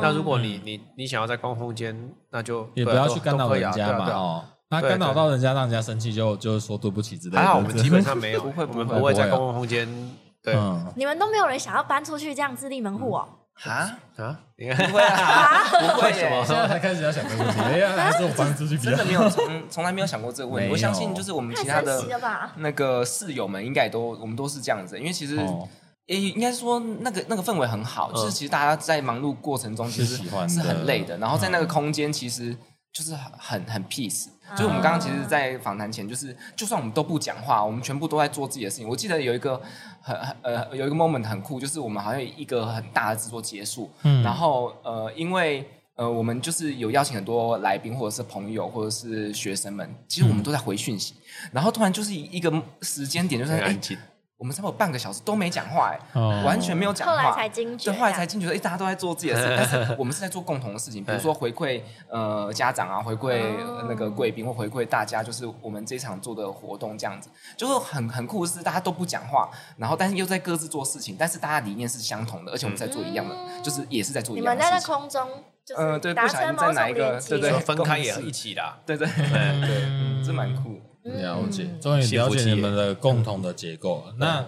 那如果你你你想要在公共空間，那就也不要去干擾人家嘛哦。那干擾到人家，讓人家生氣，就就說對不起之類的。還好我們基本上沒不會，不會不會在公共空間。對，你們都沒有人想要搬出去這樣自立門戶哦？啊啊？應該不會啊？不會？現在才開始要想這個問題？哎呀，還是我搬出去比較真的沒有，從從來沒有想過這個問題。我相信就是我們其他的那個室友們應該都我們都是這樣子，因為其實。欸、應該說那個那個氛圍很好，嗯、就是其實大家在忙碌過程中，其實是，是，是很累的。然後在那個空間，其實就是很很 peace，嗯。就，剛剛，就是我們剛剛其實，在訪談前，就是就算我們都不講話，我們全部都在做自己的事情。我記得有一個很很呃，有一個 moment 很酷，就是我們好像有一個很大的制作結束，嗯、然後呃，因為呃，我們就是有邀請很多來賓，或者是朋友，或者是學生們，其實我們都在回訊息。嗯、然後突然就是一個時間點，就是很安靜。欸我們差不多半個小時都沒講話，欸，哎，oh. 完全沒有講話。後來才驚覺啊。對，後來才驚覺，哎、欸，大家都在做自己的事， 但是我們是在做共同的事情，比如說回饋呃家長啊，回饋那個貴賓，嗯、或回饋大家，就是我們這一場做的活動這樣子，就是很很酷是，大家都不講話，然後但是又在各自做事情，但是大家理念是相同的，而且我們在做一樣的，嗯、就是也是在做一樣的。你們在那空中就是，呃、嗯，對，不曉得在哪一個對對分開也是一起的，對對對，嗯，這蠻酷的。了解，終於了解你們的共同的結構。那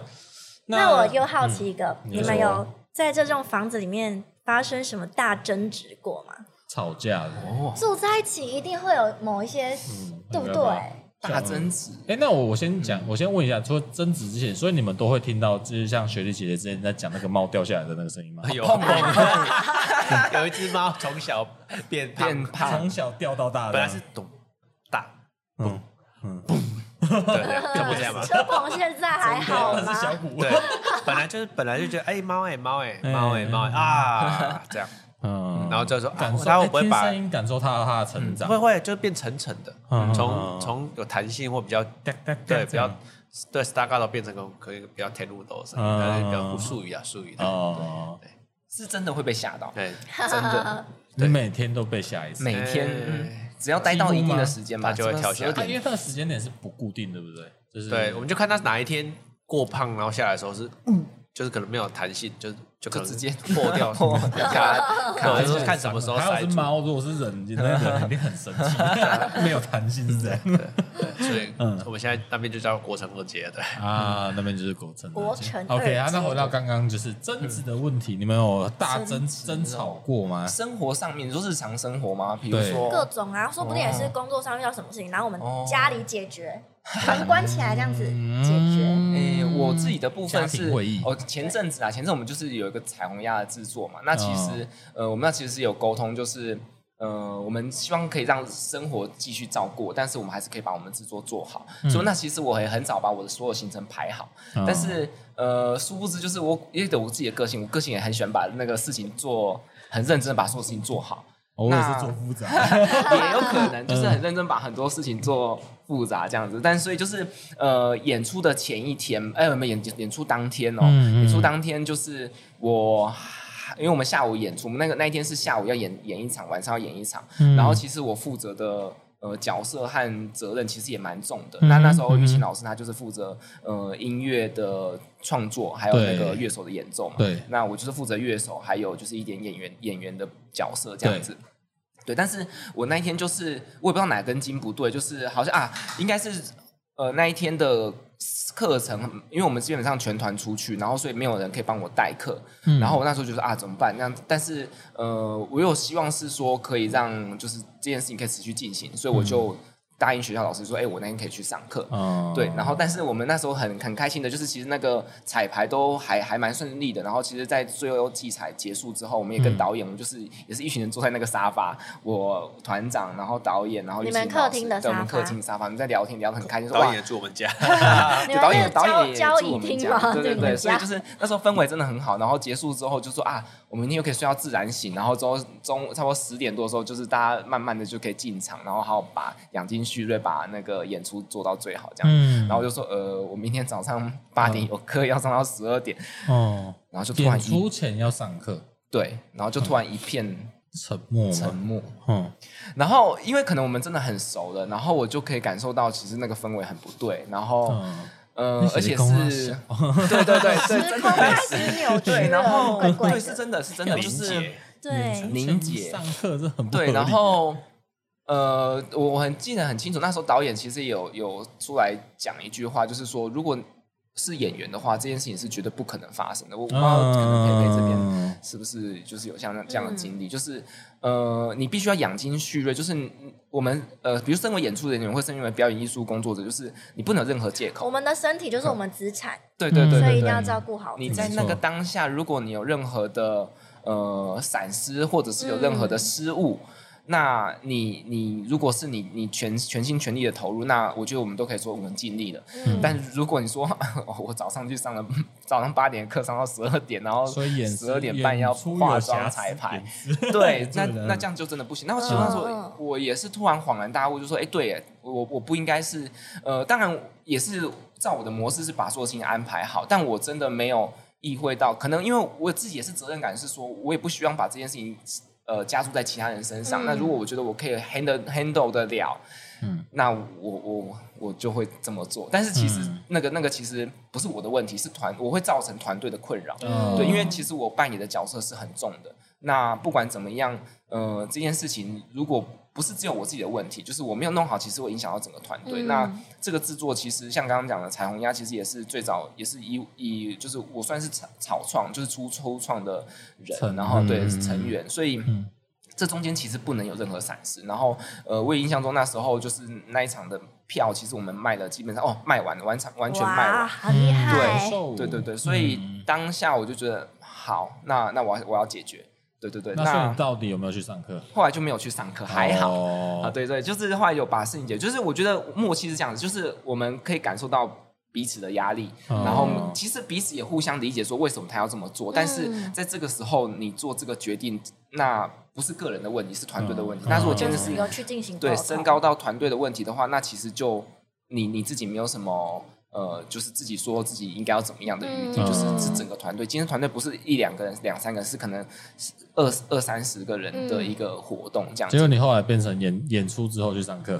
那我又好奇一個，你們有在這棟房子裡面發生什麼大爭執過嗎？吵架的，住在一起一定會有某一些，對不對？大爭執。哎，那我我先講，我先問一下，除了爭執之前，所以你們都會聽到，就是像雪莉姐姐之前在講那個貓掉下來的那個聲音嗎？有，有一隻貓從小變胖，從小掉到大的，本來是咚大，嗯。嗯，對，就不這樣嘛。車棚現在還好是小虎。對，本來就是本來就覺得，哎，貓哎，貓哎，貓哎，貓哎，啊，這樣，嗯。然後就說啊，會不會把。聲音感受它的它的成長。會會，就變沉沉的，從從有彈性或比較，對，比較對，大概都變成個可以比較甜糯糯的聲音，但是比較不術語啊術語的。哦。是真的會被嚇到，對，真的，你每天都被嚇一次，每天。只要待到一定的時間，它就會跳下來。它因為它的時間點是不固定的，對不對？就是對，我們就看它哪一天過胖，然後下來的時候是，嗯、就是可能沒有彈性，就是。就可直接破掉，看什麼時候。如果是貓，如果是人，人類肯定很神奇，沒有彈性是這樣。所以我們現在那邊就叫國城過節，對。啊，那邊就是國城。國城。OK，啊，那回到剛剛就是爭執的問題，你們有大爭爭吵過嗎？生活上面，你說日常生活嗎？比如說各種啊，說不定也是工作上面要什麼事情，然後我們家裡解決。門關起來這樣子解決。誒、啊嗯欸，我自己的部分是，哦，前陣子啊，前陣子我們就是有一個彩虹鴨的製作嘛。那其實，哦、呃，我們那其實是有溝通，就是，呃，我們希望可以讓生活繼續照顧，但是我們還是可以把我們製作做好。嗯、所以那其實我也很早把我的所有行程排好，哦、但是，呃，殊不知就是我，也有我自己的個性，我個性也很喜歡把那個事情做很認真的把所有事情做好。我偶爾是做複雜，那 也有可能就是很認真把很多事情做複雜這樣子，但所以就是呃，演出的前一天，哎，有沒有演演出當天哦、喔？演出當天就是我，因為我們下午演出，我們那個那一天是下午要演演一場，晚上要演一場，然後其實我負責的。呃，角色和責任其實也蠻重的。嗯、哼那那時候玉琴老師他就是負責、嗯、哼呃音樂的創作，還有那個樂手的演奏嘛。對，那我就是負責樂手，還有就是一點演員演員的角色這樣子。對，對，但是我那一天就是我也不知道哪根筋不對，就是好像啊，應該是。呃，那一天的課程，因為我們基本上全團出去，然後所以沒有人可以幫我代課。嗯、然後我那時候就說啊，怎麼辦？那樣，但是呃，我有希望是說可以讓就是這件事情可以持續進行，所以我就。嗯答應學校老師說，哎、欸，我那天可以去上課。嗯、對，然後但是我們那時候很很開心的，就是其實那個彩排都還還蠻順利的。然後其實，在最後劇彩結束之後，我們也跟導演，嗯、就是也是一群人坐在那個沙發，我團長，然後導演，然後你們客廳的沙發，我們客廳沙發，我們沙發，我們在聊天聊得很開心，說導演住我們家， 就導演導演也住我們家，對對對，對所以就是那時候氛圍真的很好。然後結束之後就說啊。我明天又可以睡到自然醒，然後，後中中午差不多十點多的時候，就是大家慢慢的就可以進場，然後還要把養精蓄銳，把那個演出做到最好這樣。嗯、然後就說呃，我明天早上八點有課、呃、要上到十二點。哦、然後就突然演出前要上課，對，然後就突然一片、嗯、沉默沉默，沉默。嗯，然後因為可能我們真的很熟了，然後我就可以感受到其實那個氛圍很不對，然後。嗯呃，而且是，對、啊、對對對，真的，對，然後對，是真的是，是真的，就是對，凝、嗯、結，對，然後呃，我我很記得很清楚，那時候導演其實有有出來講一句話，就是說如果。是演員的話，這件事情是絕對不可能發生的。我不知道可能佩佩這邊是不是就是有像這樣的經歷，嗯、就是呃，你必須要養精蓄銳。就是我們呃，比如身為演出的人員，或身為表演藝術工作者，就是你不能有任何借口。我們的身體就是我們資產，嗯、對、對對對，所以一定要照顧好。你在那個當下，如果你有任何的呃閃失，或者是有任何的失誤。嗯那你你如果是你你全全心全力的投入，那我覺得我們都可以說我們盡力了。嗯、但如果你說呵呵我早上去上了早上八點課，上到十二點，然後十二點半要化妝彩排，對， 對的那那這樣就真的不行。那事實上，說、嗯、我也是突然恍然大悟，就說哎，對，我我不應該是呃，當然也是照我的模式是把所有事情安排好，但我真的沒有意會到，可能因為我自己也是責任感是說我也不希望把這件事情。呃，加注在其他人身上。嗯、那如果我覺得我可以 handle handle 得了，嗯，那我我我就會這麼做。但是其實、嗯、那個那個其實不是我的問題，是團我會造成團隊的困擾。嗯、對，因為其實我扮演的角色是很重的。那不管怎麼樣。呃，這件事情如果不是只有我自己的問題，就是我沒有弄好，其實會影響到整個團隊。嗯、那這個製作其實像剛剛講的彩虹鴨，其實也是最早也是以以，就是我算是草草創，就是出初，初創的人，成然後對成員，嗯、所以這中間其實不能有任何閃失。然後呃，我也印象中那時候就是那一場的票，其實我們賣的基本上哦賣完了，完全完全賣完了，哇對很厲害！對對對對，所以當下我就覺得好，那那我要我要解決。對對對，那，那是你到底有沒有去上課？後來就沒有去上課，還好。Oh. 啊。對，對對，就是後來有把事情解決。就是我覺得默契是這樣子，就是我們可以感受到彼此的壓力，oh. 然後其實彼此也互相理解，說為什麼他要這麼做。Oh. 但是在這個時候，你做這個決定，那不是個人的問題，是團隊的問題。Oh. 但是我真的是，是要去進行對，升高到團隊的問題的話，那其實就你你自己沒有什麼。呃，就是自己說自己應該要怎麼樣的餘地，嗯、就是整個團隊，今天團隊不是一兩個人、兩三個，是可能二二三十個人的一個活動、嗯、這樣子。結果你後來變成演演出之後去上課，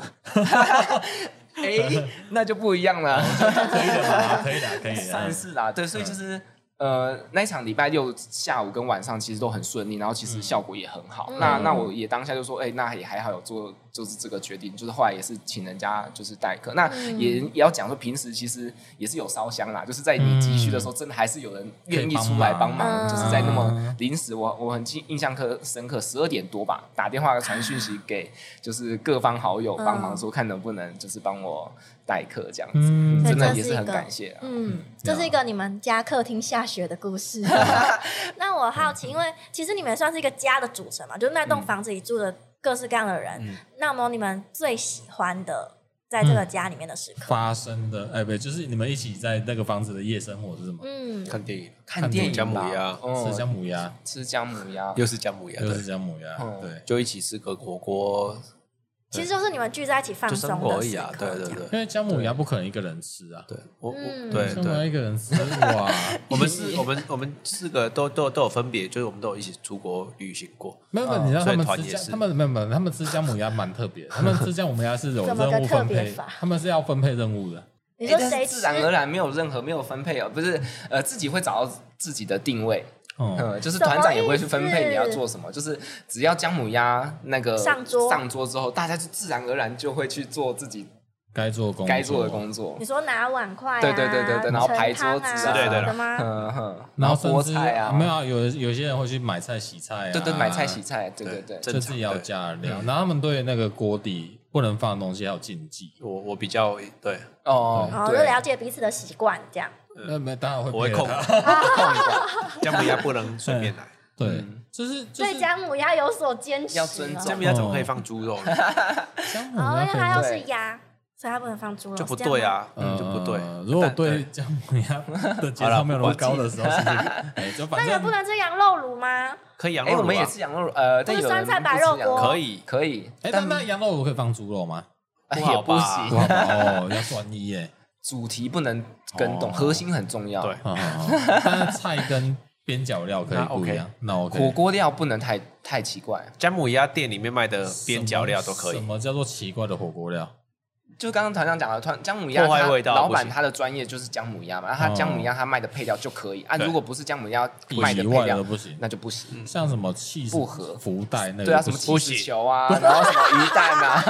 哎，那就不一樣了。哦、可以的， 可以的，可以的，三四十啦。對,嗯、對，所以就是呃，那一場禮拜六下午跟晚上其實都很順利，然後其實效果也很好。嗯、那、嗯、那我也當下就說，哎、欸，那也還好有做。就是這個決定，就是後來也是請人家就是代課，那也也要講說，平時其實也是有燒香啦，嗯、就是在你急需的時候，真的還是有人願意出來幫忙，忙嗯、就是在那麼臨時，我我很印印象可深刻，十二點多吧，打電話傳訊息給就是各方好友幫忙，說看能不能就是幫我代課這樣子，嗯、真的也是很感謝、啊。嗯，這是一個你們家客廳下雪的故事。 那我好奇，因為其實你們算是一個家的組成嘛，就是、那棟房子裡住的。各式各樣的人，嗯、那麼你們最喜歡的在這個家裡面的時刻發生的？哎、欸，不對，就是你們一起在那個房子的夜生活，是嗎？嗯，看電影，看電影，看電影薑母鴨，哦、吃薑母鴨，吃薑母鴨，又是薑母鴨，又是薑母鴨，對，嗯、對，就一起吃個火鍋。其實就是你們聚在一起放鬆的時刻啊，對對對，因為薑母鴨不可能一個人吃啊。對，我我，對對對，一個人吃哇。我們是，我們我們四個都都都有分別，就是我們都有一起出國旅行過。沒有沒有，你知道他們他們沒有沒有，他們吃薑母鴨蠻特別。他們吃薑母鴨是有任務分配，他們是要分配任務的。你說誰自然而然沒有任何沒有分配哦，不是，呃，自己會找到自己的定位。嗯，就是團長也不會去分配你要做什麼，就是只要薑母鴨那個上桌上桌之後，大家就自然而然就會去做自己該做工該做的工作。你說拿碗筷，對對對對對，然後排桌子，對對對，然後桌子，啊，沒有，有有些人會去買菜洗菜啊，對對，買菜洗菜，對對對，這是要加料。然後他們對那個鍋底不能放的東西要禁忌，我我比較對哦，然後了解彼此的習慣這樣。呃，沒，當然會。我會控薑母鴨不能隨便來，對，就是。所以薑母鴨有所堅持。薑母鴨怎麼可以放豬肉？薑母鴨因為它要是鴨，所以它不能放豬肉。就不對啊，就不對。如果對薑母鴨，好了，沒有那麼高的時候是這樣。那也不能吃羊肉爐嗎？可以羊肉。我們也是羊肉爐，呃，但有。肉可以，可以。哎，那那羊肉爐可以放豬肉嗎？不好吧？不好，要專一哎。主題不能更動，哦、核心很重要。對、哦，但是菜跟邊角料可以不一樣。那我 OK OK 火鍋料不能太太奇怪。薑母鴨店裡面賣的邊角料都可以。什麼，什麼叫做奇怪的火鍋料？就是剛剛團長講了，川薑母鴨，他老板他的專業就是薑母鴨嘛，然後他薑母鴨他賣的配料就可以，啊，如果不是薑母鴨賣的配料，不行，那就不行。像什麼氣球、福袋那，對啊，什麼氣球啊，然後什麼魚蛋啊，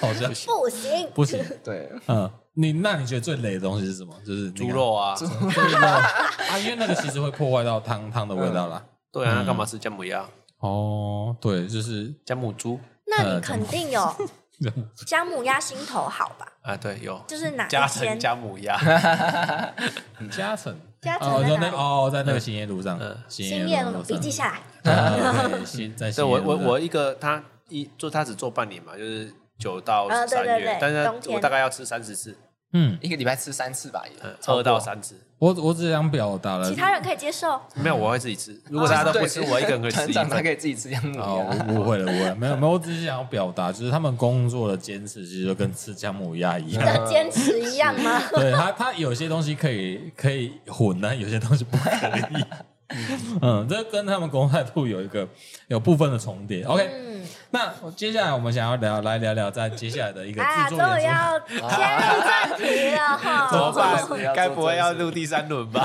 好像不行，不行，對，嗯，你那你覺得最累的東西是什麼？就是豬肉啊，豬肉啊，因為那個其實會破壞到湯湯的味道啦。對啊，那幹嘛是薑母鴨？哦，對，就是薑母豬，那你肯定有。加母鴨心頭好吧？啊，對，有，就是哪邊？加成薑母鴨，加 成，加成哦，在那個新燕路上，嗯、新燕路，筆記下來。啊、okay, 新在新 對，我我我一個他一就他只做半年嘛，就是九到三月，啊、對對對，但是天我大概要吃三十次。嗯，一個禮拜吃三次吧也，二對到三次。我我只想表達，了，其他人可以接受。沒有，我會自己吃。如果大家都不吃，啊、我一個人可以吃。還 可以自己吃哦、啊，我哦、oh,，不會了，不會了。沒有沒有，我只是想要表達，就是他們工作的堅持，其實就跟吃薑母鴨一樣。堅持一樣嗎？ 對，他他有些東西可以可以混的、啊，有些東西不可以。 嗯，這跟他們公開鋪有一個有部分的重疊。OK，那接下來我們想要聊來聊聊在接下來的一個制作。啊，又要先暫停了哈，怎麼辦？該不會要錄第三輪吧？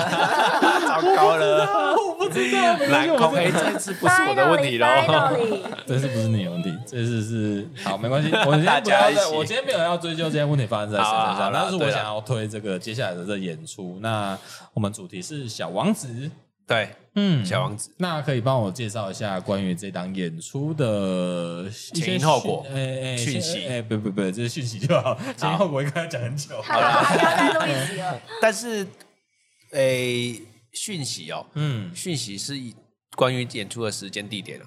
糟糕了，我不知道，來，我們這次不是我的問題嘍。這次不是你的問題，這次是好，沒關係，我先大家一起。我今天沒有要追究這些問題發生在誰身上，但是我想要推這個接下來的這演出。那我們主題是小王子。對，嗯，小王子，那可以幫我介紹一下關於這檔演出的前因後果？哎哎，訊息哎，不不不，這是訊息就好。前因後果應該要講很久，好了，好，好，好。但是，哎，訊息哦，嗯，訊息是關於演出的時間地點，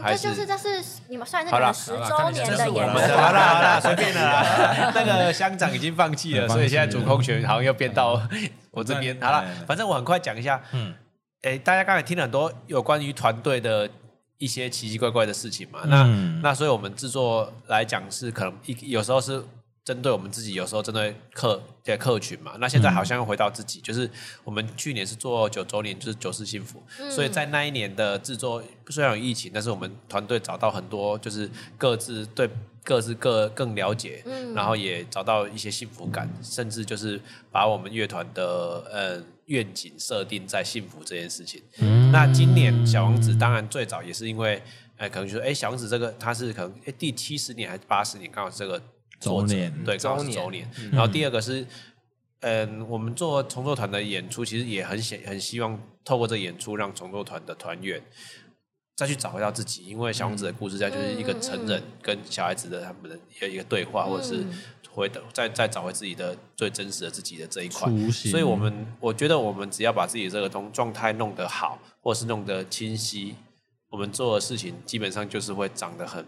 還是。嗯，這就是這是你們算那你們十周年的演出，好了好了，隨便了。那個鄉長已經放棄了，所以現在主控權好像又變到我這邊。好了，反正我很快講一下，嗯。哎、欸，大家剛才聽了很多有關於團隊的一些奇奇怪怪的事情嘛，嗯、那那所以我們製作來講是可能有時候是針對我們自己，有時候針對客的客群嘛。那現在好像又回到自己，嗯、就是我們去年是做九周年，就是九四幸福，嗯、所以在那一年的製作雖然有疫情，但是我們團隊找到很多就是各自對各自各更了解，嗯、然後也找到一些幸福感，甚至就是把我們樂團的呃願景設定在幸福這件事情。嗯、那今年小王子當然最早也是因為，哎、呃，可能就是說，哎、欸，小王子這個他是可能哎、欸、第七十年還是八十年剛好這個週年，對，週年。然後第二個是，嗯、呃，我們做重做團的演出，其實也很想很希望透過這個演出，讓重做團的團員再去找回到自己，因為小王子的故事在、嗯、就是一個成人跟小孩子的他們的一個對話，嗯、或者是。回頭，再再找回自己的最真實的自己的這一塊，行所以我們我覺得我們只要把自己這個東狀態弄得好，或是弄得清晰，我們做的事情基本上就是會長得很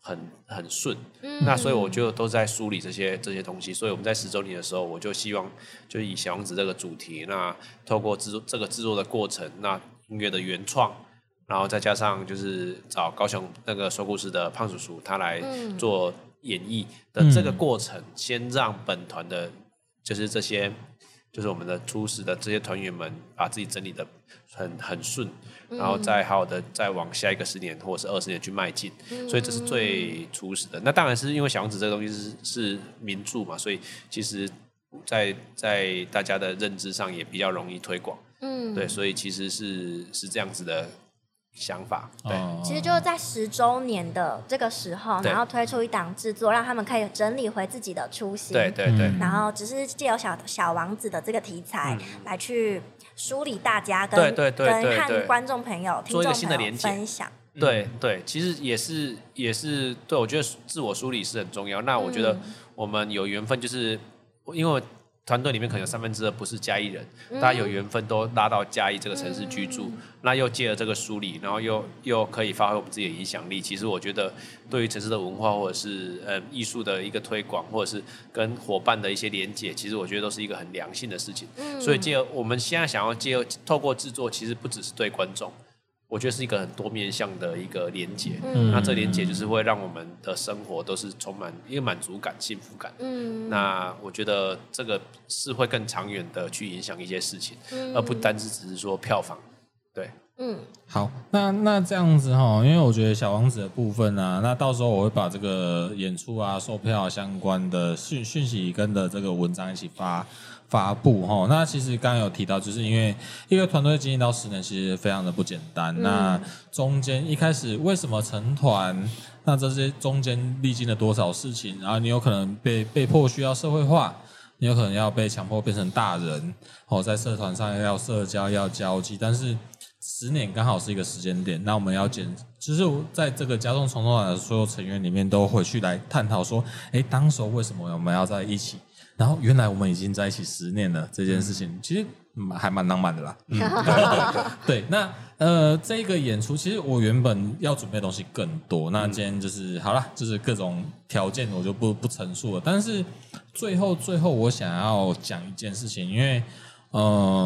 很很順。嗯、那所以我就都在梳理這些這些東西。所以我們在十周年的時候，我就希望就以小王子這個主題，那透過製作這個製作的過程，那音樂的原創，然後再加上就是找高雄那個說故事的胖叔叔他來做。嗯演繹的這個過程，嗯、先讓本團的，就是這些，就是我們的初始的這些團員們，把自己整理的很很順，然後再好好的再往下一個十年或者是二十年去邁進，嗯、所以這是最初始的。那當然是因為小王子這個東西是是名著嘛，所以其實在在大家的認知上也比較容易推廣。嗯，對，所以其實是是這樣子的。想法對，其實就是在十週年的這個時候，對然後推出一檔製作，讓他們可以整理回自己的初心。對對對。對對，嗯、然後只是借由小小王子的這個題材，嗯、來去梳理大家跟跟和觀眾朋友，聽眾朋友分享。對，嗯、對，對，其實也是也是對，我覺得自我梳理是很重要。那我覺得我們有緣分，就是因為我。團隊裡面可能有三分之二不是嘉義人，大家有緣分都拉到嘉義這個城市居住，嗯、那又借了這個梳理，然後又又可以發揮我們自己的影響力。其實我覺得，對於城市的文化或者是呃藝術的一個推廣，或者是跟伙伴的一些連接，其實我覺得都是一個很良性的事情。嗯、所以借由我們現在想要借透過製作，其實不只是對觀眾。我覺得是一個很多面向的一個連接，嗯、那這個連接就是會讓我們的生活都是充滿一個滿足感、幸福感。嗯、那我覺得這個是會更長遠的去影響一些事情，嗯、而不單是只是說票房。對，嗯，好，那那這樣子哈，因為我覺得小王子的部分啊，那到時候我會把這個演出啊、售票相關的訊訊息跟著這個文章一起發。發布哈，那其實剛剛有提到，就是因為一個團隊經營到十年，其實非常的不簡單。嗯、那中間一開始為什麼成團？那這些中間歷經了多少事情？然後你有可能被被迫需要社會化，你有可能要被強迫變成大人哦，在社團上要社交要交際。但是十年剛好是一個時間點，那我們要檢，其實、嗯、在這個嘉頌從頭來所有成員裡面都回去來探討說，誒，當時候為什麼我們要在一起？然後原來我們已經在一起十年了，這件事情其實還蠻浪漫的啦。嗯、 對，那呃，這個演出其實我原本要準備的東西更多，那今天就是、嗯、好啦，就是各種條件我就不不陳述了。但是最後最後我想要講一件事情，因為嗯、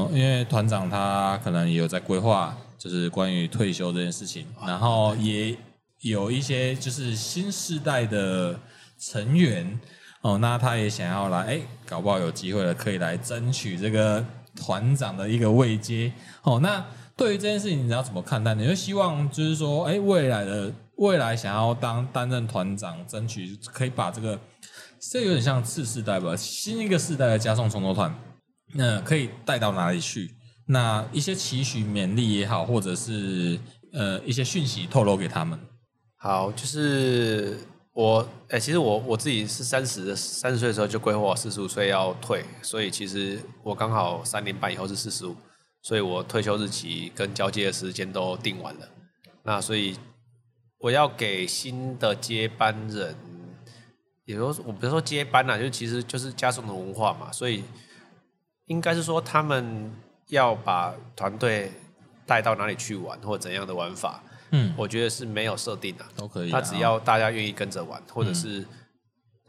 呃，因為團長他可能也有在規劃，就是關於退休這件事情，然後也有一些就是新世代的成員。哦，那他也想要來，哎、欸，搞不好有機會了，可以來爭取這個團長的一個位階。哦，那對於這件事情，你要怎麼看待呢？你就希望就是說，哎、欸，未來的未來想要當擔任團長，爭取可以把這個，這有點像次世代吧，新一個世代的嘉頌重投團，那、呃、可以帶到哪裡去？那一些期許勉勵也好，或者是呃一些訊息透露給他們。好，就是。我哎、欸，其實我我自己是三十三十歲的時候就規劃，我四十五歲要退，所以其實我剛好三年半以後是四十五，所以我退休日期跟交接的時間都定完了。那所以我要給新的接班人，也說、就是，我不是說接班啦，就其實就是嘉頌的文化嘛，所以應該是說他們要把團隊帶到哪裡去玩，或者怎樣的玩法。嗯，我覺得是沒有設定的，都可以、啊。他只要大家願意跟着玩，嗯、或者是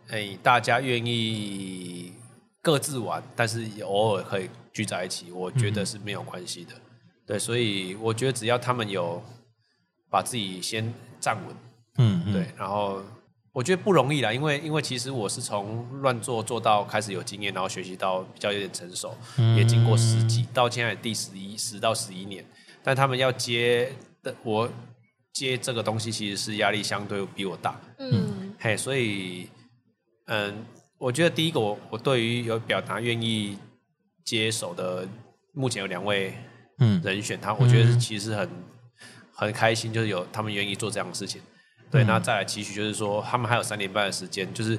哎、欸，大家願意各自玩，但是也偶爾可以聚在一起，我覺得是沒有關係的。嗯、對，所以我覺得只要他們有把自己先站穩，嗯，對，然後我覺得不容易啦，因為因為其實我是從亂做做到開始有經驗，然後學習到比較有點成熟，嗯、也經過十幾到現在第十一十到十一年，但他們要接的我。接這個東西其實是壓力相對比我大，嗯，嘿，所以，嗯，我覺得第一個我我對於有表達願意接手的，目前有兩位，人選，嗯、他我覺得是其實很、嗯、很開心，就是有他們願意做這樣的事情。對，那、嗯、再來期許就是說，他們還有三年半的時間，就是，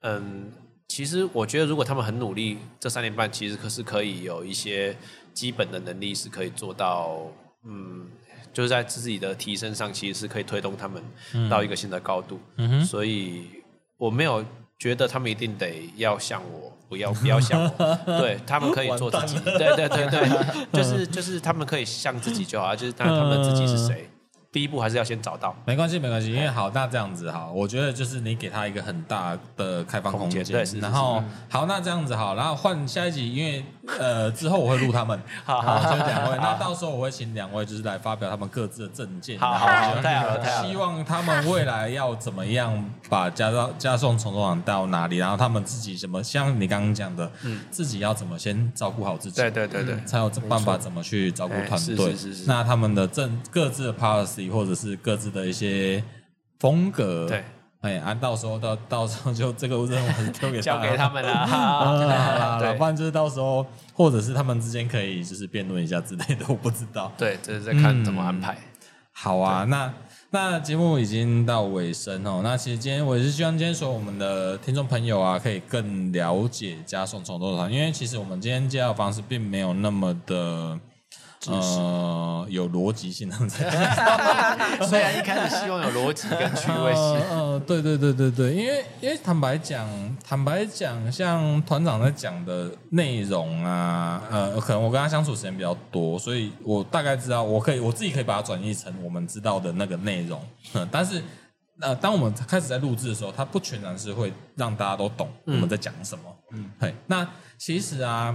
嗯，其實我覺得如果他們很努力，這三年半其實可是可以有一些基本的能力是可以做到，嗯。就是在自己的提升上，其實是可以推動他們到一個新的高度。嗯嗯哼。所以我沒有覺得他們一定得要像我，不要不要像我， 對，他們可以做自己，對對對對， 就是就是他們可以像自己就好，就是看他們自己是誰。 第一步還是要先找到，沒關係，沒關係，因為好，那這樣子哈，我覺得就是你給他一個很大的開放空間，對，然後好，那這樣子好，然後換下一集，因為呃，之後我會錄他們，好，就兩位，那到時候我會請兩位就是來發表他們各自的政見，好，好，太好了，希望他們未來要怎麼樣把嘉頌嘉頌從頭往到哪裡，然後他們自己什麼，像你剛剛講的，自己要怎麼先照顧好自己，對，對，對，對，才有辦法怎麼去照顧團隊，是是，那他們的證，各自的 policy。或者是各自的一些風格，對，哎、欸，啊，到時候到到時候就這個任務還是交給 交給他們了，啊，不然就是到時候或者是他們之間可以就是辯論一下之類的，我不知道，對，就是在看怎麼安排。嗯、好啊，對那那節目已經到尾聲哦，那其實今天我也是希望今天所有我們的聽眾朋友啊，可以更了解嘉頌創作團，因為其實我們今天介紹方式並沒有那麼的。嗯、呃，有邏輯性，呵呵 所以雖然一開始希望有邏輯跟趣味性，嗯、 呃，呃、對，對對對對對，因為，因為坦白講，坦白講，像團長在講的內容啊，呃，可能我跟他相處時間比較多，所以我大概知道，我可以我自己可以把它轉譯成我們知道的那個內容。但是，呃，當我們開始在錄製的時候，它不全然是會讓大家都懂我們在講什麼。嗯，嗯嘿，那其實啊。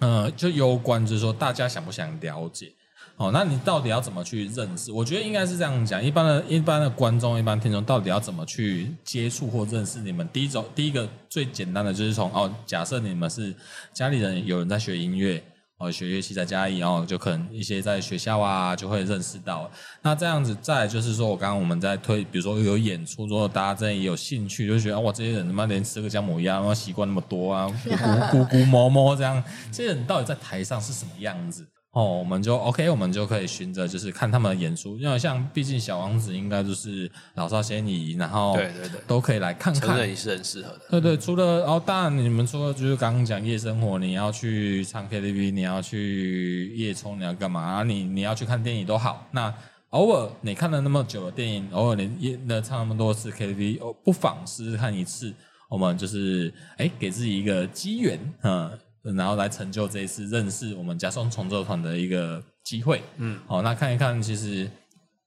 嗯、呃，就攸關，就是說大家想不想了解？哦，那你到底要怎麼去認識？我覺得應該是這樣講：一般的、一般的觀眾、一般聽眾，到底要怎麼去接觸或認識你們？第一種、第一個最簡單的，就是從哦，假設你們是家裡人，有人在學音樂。哦，學樂器在家裡，然、哦、後就可能一些在學校啊，就會認識到。那這樣子，再就是說，我剛剛我們在推，比如說有演出之後，大家真的也有興趣，就覺得、啊、哇，這些人他媽連吃個薑母鴨，然後習慣那麼多啊咕咕，咕咕咕摸摸這樣， 這些人到底在台上是什麼樣子？哦，我們就 OK，我們就可以循着就是看他們的演出，因為像畢竟小王子應該就是老少咸宜，然後對對對都可以來看看，這也是很適合的。對對，除了哦，當然你們除了就是剛剛講夜生活，你要去唱 KTV，你要去夜衝，你要幹嘛？啊，你你要去看電影都好。那偶爾你看了那麼久的電影，偶爾你也唱那麼多次 KTV，不妨試試看一次。我們就是，誒，給自己一個機緣，嗯。然後來成就這一次認識我們嘉頌創作團的一個機會，嗯，好，那看一看，其實，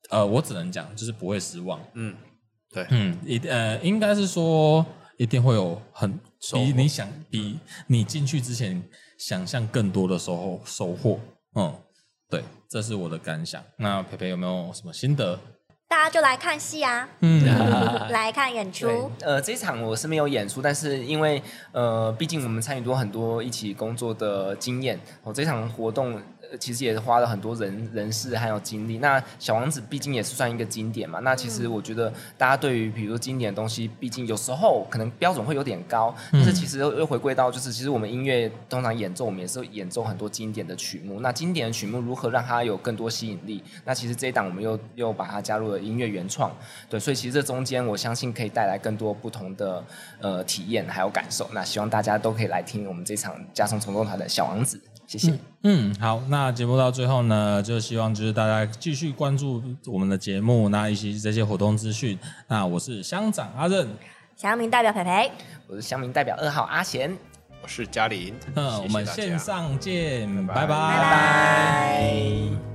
呃，我只能講就是不會失望，嗯，對，嗯，一呃，應該是說一定會有很比你想比你進去之前想象更多的收穫收穫，嗯，對，這是我的感想。那培培有沒有什麼心得？大家就來看戲啊，嗯啊、 來看演出。呃，這場我是沒有演出，但是因為呃，畢竟我們參與過很多一起工作的經驗，我、哦、這場活動、呃、其實也花了很多人人事還有精力。那小王子畢竟也是算一個經典嘛，那其實我覺得大家對於比如經典的東西，畢竟有時候可能標準會有點高，但是其實又又回歸到就是，其實我們音樂通常演奏，我們也是演奏很多經典的曲目。那經典的曲目如何讓它有更多吸引力？那其實這一檔我們又又把它加入了。音樂原創，對，所以其實這中間我相信可以帶來更多不同的呃體驗還有感受。那希望大家都可以來聽我們這場《嘉頌衝動團》的小王子。謝謝嗯。嗯，好，那節目到最後呢，就希望就是大家繼續關注我們的節目，那一些這些活動資訊。那我是鄉長阿任，鄉民代表佩佩，我是鄉民代表二號阿賢，我是嘉玲。嗯，我們線上見，拜拜。拜拜拜拜。